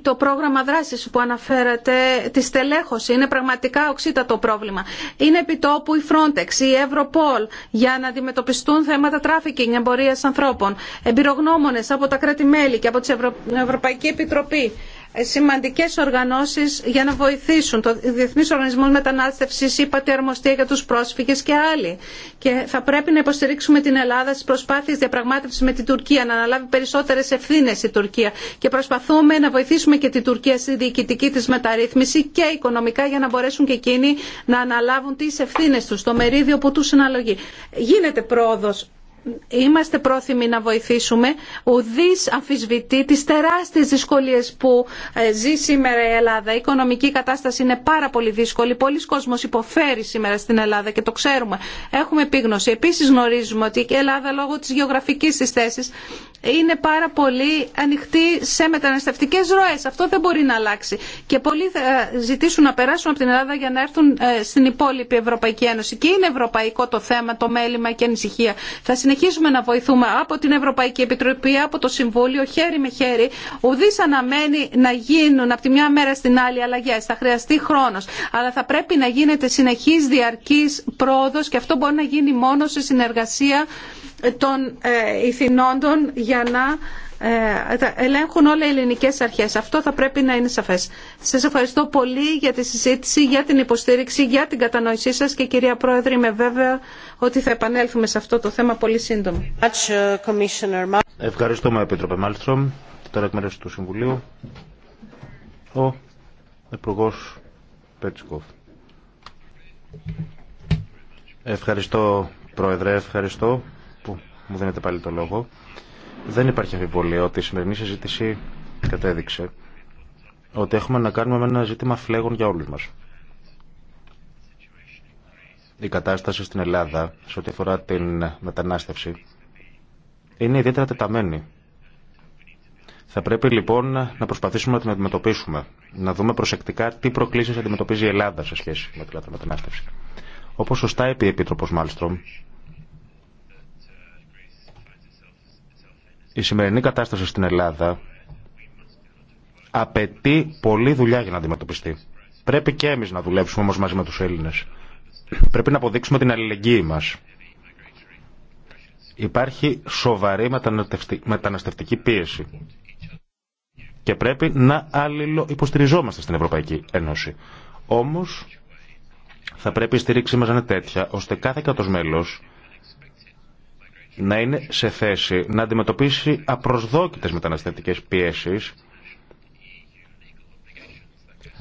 το πρόγραμμα δράσης που αναφέρατε, τη στελέχωση, είναι πραγματικά οξύτατο πρόβλημα. Είναι επιτόπου η Frontex, η Europol για να αντιμετωπιστούν θέματα τράφικινγκ, εμπορίας ανθρώπων, εμπειρογνώμονες από τα κράτη-μέλη και από την Ευρωπαϊκή Επιτροπή σημαντικές οργανώσεις για να βοηθήσουν. Το Διεθνής Οργανισμός Μετανάστευσης η αρμοστία για τους πρόσφυγες και άλλοι. Και θα πρέπει να υποστηρίξουμε την Ελλάδα στις προσπάθειες διαπραγμάτευσης με την Τουρκία, να αναλάβει περισσότερες ευθύνες η Τουρκία. Και προσπαθούμε να βοηθήσουμε και την Τουρκία στη διοικητική της μεταρρύθμιση και οικονομικά για να μπορέσουν και εκείνοι να αναλάβουν τις ευθύνες τους, το μερίδιο που τους συναλλογεί. Γίνεται πρόοδος είμαστε πρόθυμοι να βοηθήσουμε. Ουδής αμφισβητεί τις τεράστιες δυσκολίες που ε, ζει σήμερα η Ελλάδα. Η οικονομική κατάσταση είναι πάρα πολύ δύσκολη. Πολλοί κόσμος υποφέρει σήμερα στην Ελλάδα και το ξέρουμε. Έχουμε επίγνωση. Επίσης γνωρίζουμε ότι η Ελλάδα λόγω της γεωγραφικής της θέσης είναι πάρα πολύ ανοιχτή σε μεταναστευτικές ροές. Αυτό δεν μπορεί να αλλάξει. Και πολλοί θα ε, ζητήσουν να περάσουν από την Ελλάδα για να έρθουν ε, στην υπόλοιπη Ευρωπαϊκή Ένωση. Και είναι ευρωπαϊκό το θέμα, το μέλημα και ανησυχία. Θα συνεχίζουμε να βοηθούμε από την Ευρωπαϊκή Επιτροπή, από το Συμβούλιο, χέρι με χέρι. Ουδή αναμένει να γίνουν από τη μια μέρα στην άλλη αλλαγέ. Θα χρειαστεί χρόνο. Αλλά θα πρέπει να γίνεται συνεχή διαρκή πρόοδο και αυτό μπορεί να γίνει μόνο σε συνεργασία των ε, ηθινόντων για να ε, ελέγχουν όλα οι ελληνικές αρχές. Αυτό θα πρέπει να είναι σαφές. Σας ευχαριστώ πολύ για τη συζήτηση, για την υποστήριξη, για την κατανόησή σας και κυρία Πρόεδρε είμαι βέβαια ότι θα επανέλθουμε σε αυτό το θέμα πολύ σύντομα. Ευχαριστούμε Επίτροπε Μάλστρομ, τώρα εκ του Συμβουλίου, ο Υπουργό Πέτσικοφ Ευχαριστώ Πρόεδρε, ευχαριστώ που μου δίνετε πάλι το λόγο. Δεν υπάρχει αμφιβολία ότι η σημερινή συζήτηση κατέδειξε ότι έχουμε να κάνουμε με ένα ζήτημα φλέγων για όλους μας. Η κατάσταση στην Ελλάδα σε ό,τι αφορά την μετανάστευση είναι ιδιαίτερα τεταμένη. Θα πρέπει λοιπόν να προσπαθήσουμε να την αντιμετωπίσουμε, να δούμε προσεκτικά τι προκλήσεις αντιμετωπίζει η Ελλάδα σε σχέση με τη μετανάστευση. Όπως σωστά είπε η Επίτροπος Μάλστρομ, Η σημερινή κατάσταση στην Ελλάδα απαιτεί πολλή δουλειά για να αντιμετωπιστεί. Πρέπει και εμείς να δουλέψουμε όμως μαζί με τους Έλληνες. Πρέπει να αποδείξουμε την αλληλεγγύη μας. Υπάρχει σοβαρή μεταναστευτική πίεση. Και πρέπει να αλληλοϊποστηριζόμαστε στην Ευρωπαϊκή Ένωση. Όμως θα πρέπει η στήριξή μας να είναι τέτοια, ώστε κάθε κράτος να είναι σε θέση να αντιμετωπίσει απροσδόκητες μεταναστευτικές πιέσεις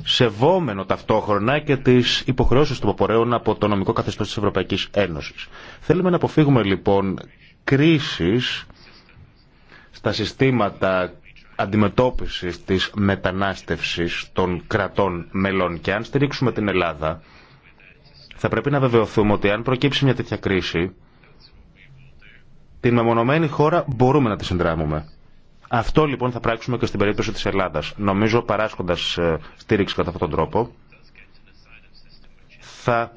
σεβόμενο ταυτόχρονα και τις υποχρεώσεις του ποπορέων από το νομικό καθεστώς της Ευρωπαϊκής Ένωσης. Θέλουμε να αποφύγουμε λοιπόν κρίσεις στα συστήματα αντιμετώπισης της μετανάστευσης των κρατών μελών. Και αν στηρίξουμε την Ελλάδα, θα πρέπει να βεβαιωθούμε ότι αν προκύψει μια τέτοια κρίση, την μεμονωμένη χώρα μπορούμε να τη συνδράμουμε. Αυτό λοιπόν θα πράξουμε και στην περίπτωση της Ελλάδας. Νομίζω παράσχοντας ε, στήριξη κατά αυτόν τον τρόπο θα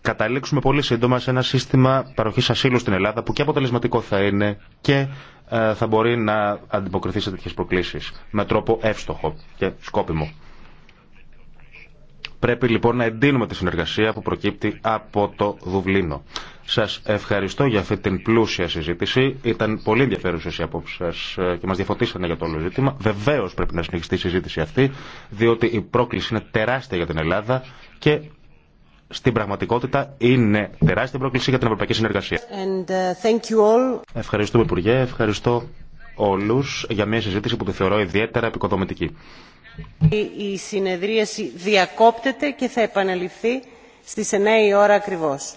καταλήξουμε πολύ σύντομα σε ένα σύστημα παροχής ασύλου στην Ελλάδα που και αποτελεσματικό θα είναι και ε, θα μπορεί να αντιποκριθεί σε τέτοιες προκλήσεις με τρόπο εύστοχο και σκόπιμο. Πρέπει λοιπόν να εντείνουμε τη συνεργασία που προκύπτει από το Δουβλίνο. Σα ευχαριστώ για αυτή την πλούσια συζήτηση. Ήταν πολύ ενδιαφέρουσε οι απόψει σα ε, και μα διαφωτίσανε για το όλο ζήτημα. Βεβαίω πρέπει να συνεχιστεί η συζήτηση αυτή, διότι η πρόκληση είναι τεράστια για την Ελλάδα και στην πραγματικότητα είναι τεράστια πρόκληση για την ευρωπαϊκή συνεργασία. And, uh, thank you Ευχαριστούμε Υπουργέ, ευχαριστώ όλου για μια συζήτηση που τη θεωρώ ιδιαίτερα επικοδομητική. Η συνεδρίαση διακόπτεται και θα επαναληφθεί στις 9 η ώρα ακριβώς.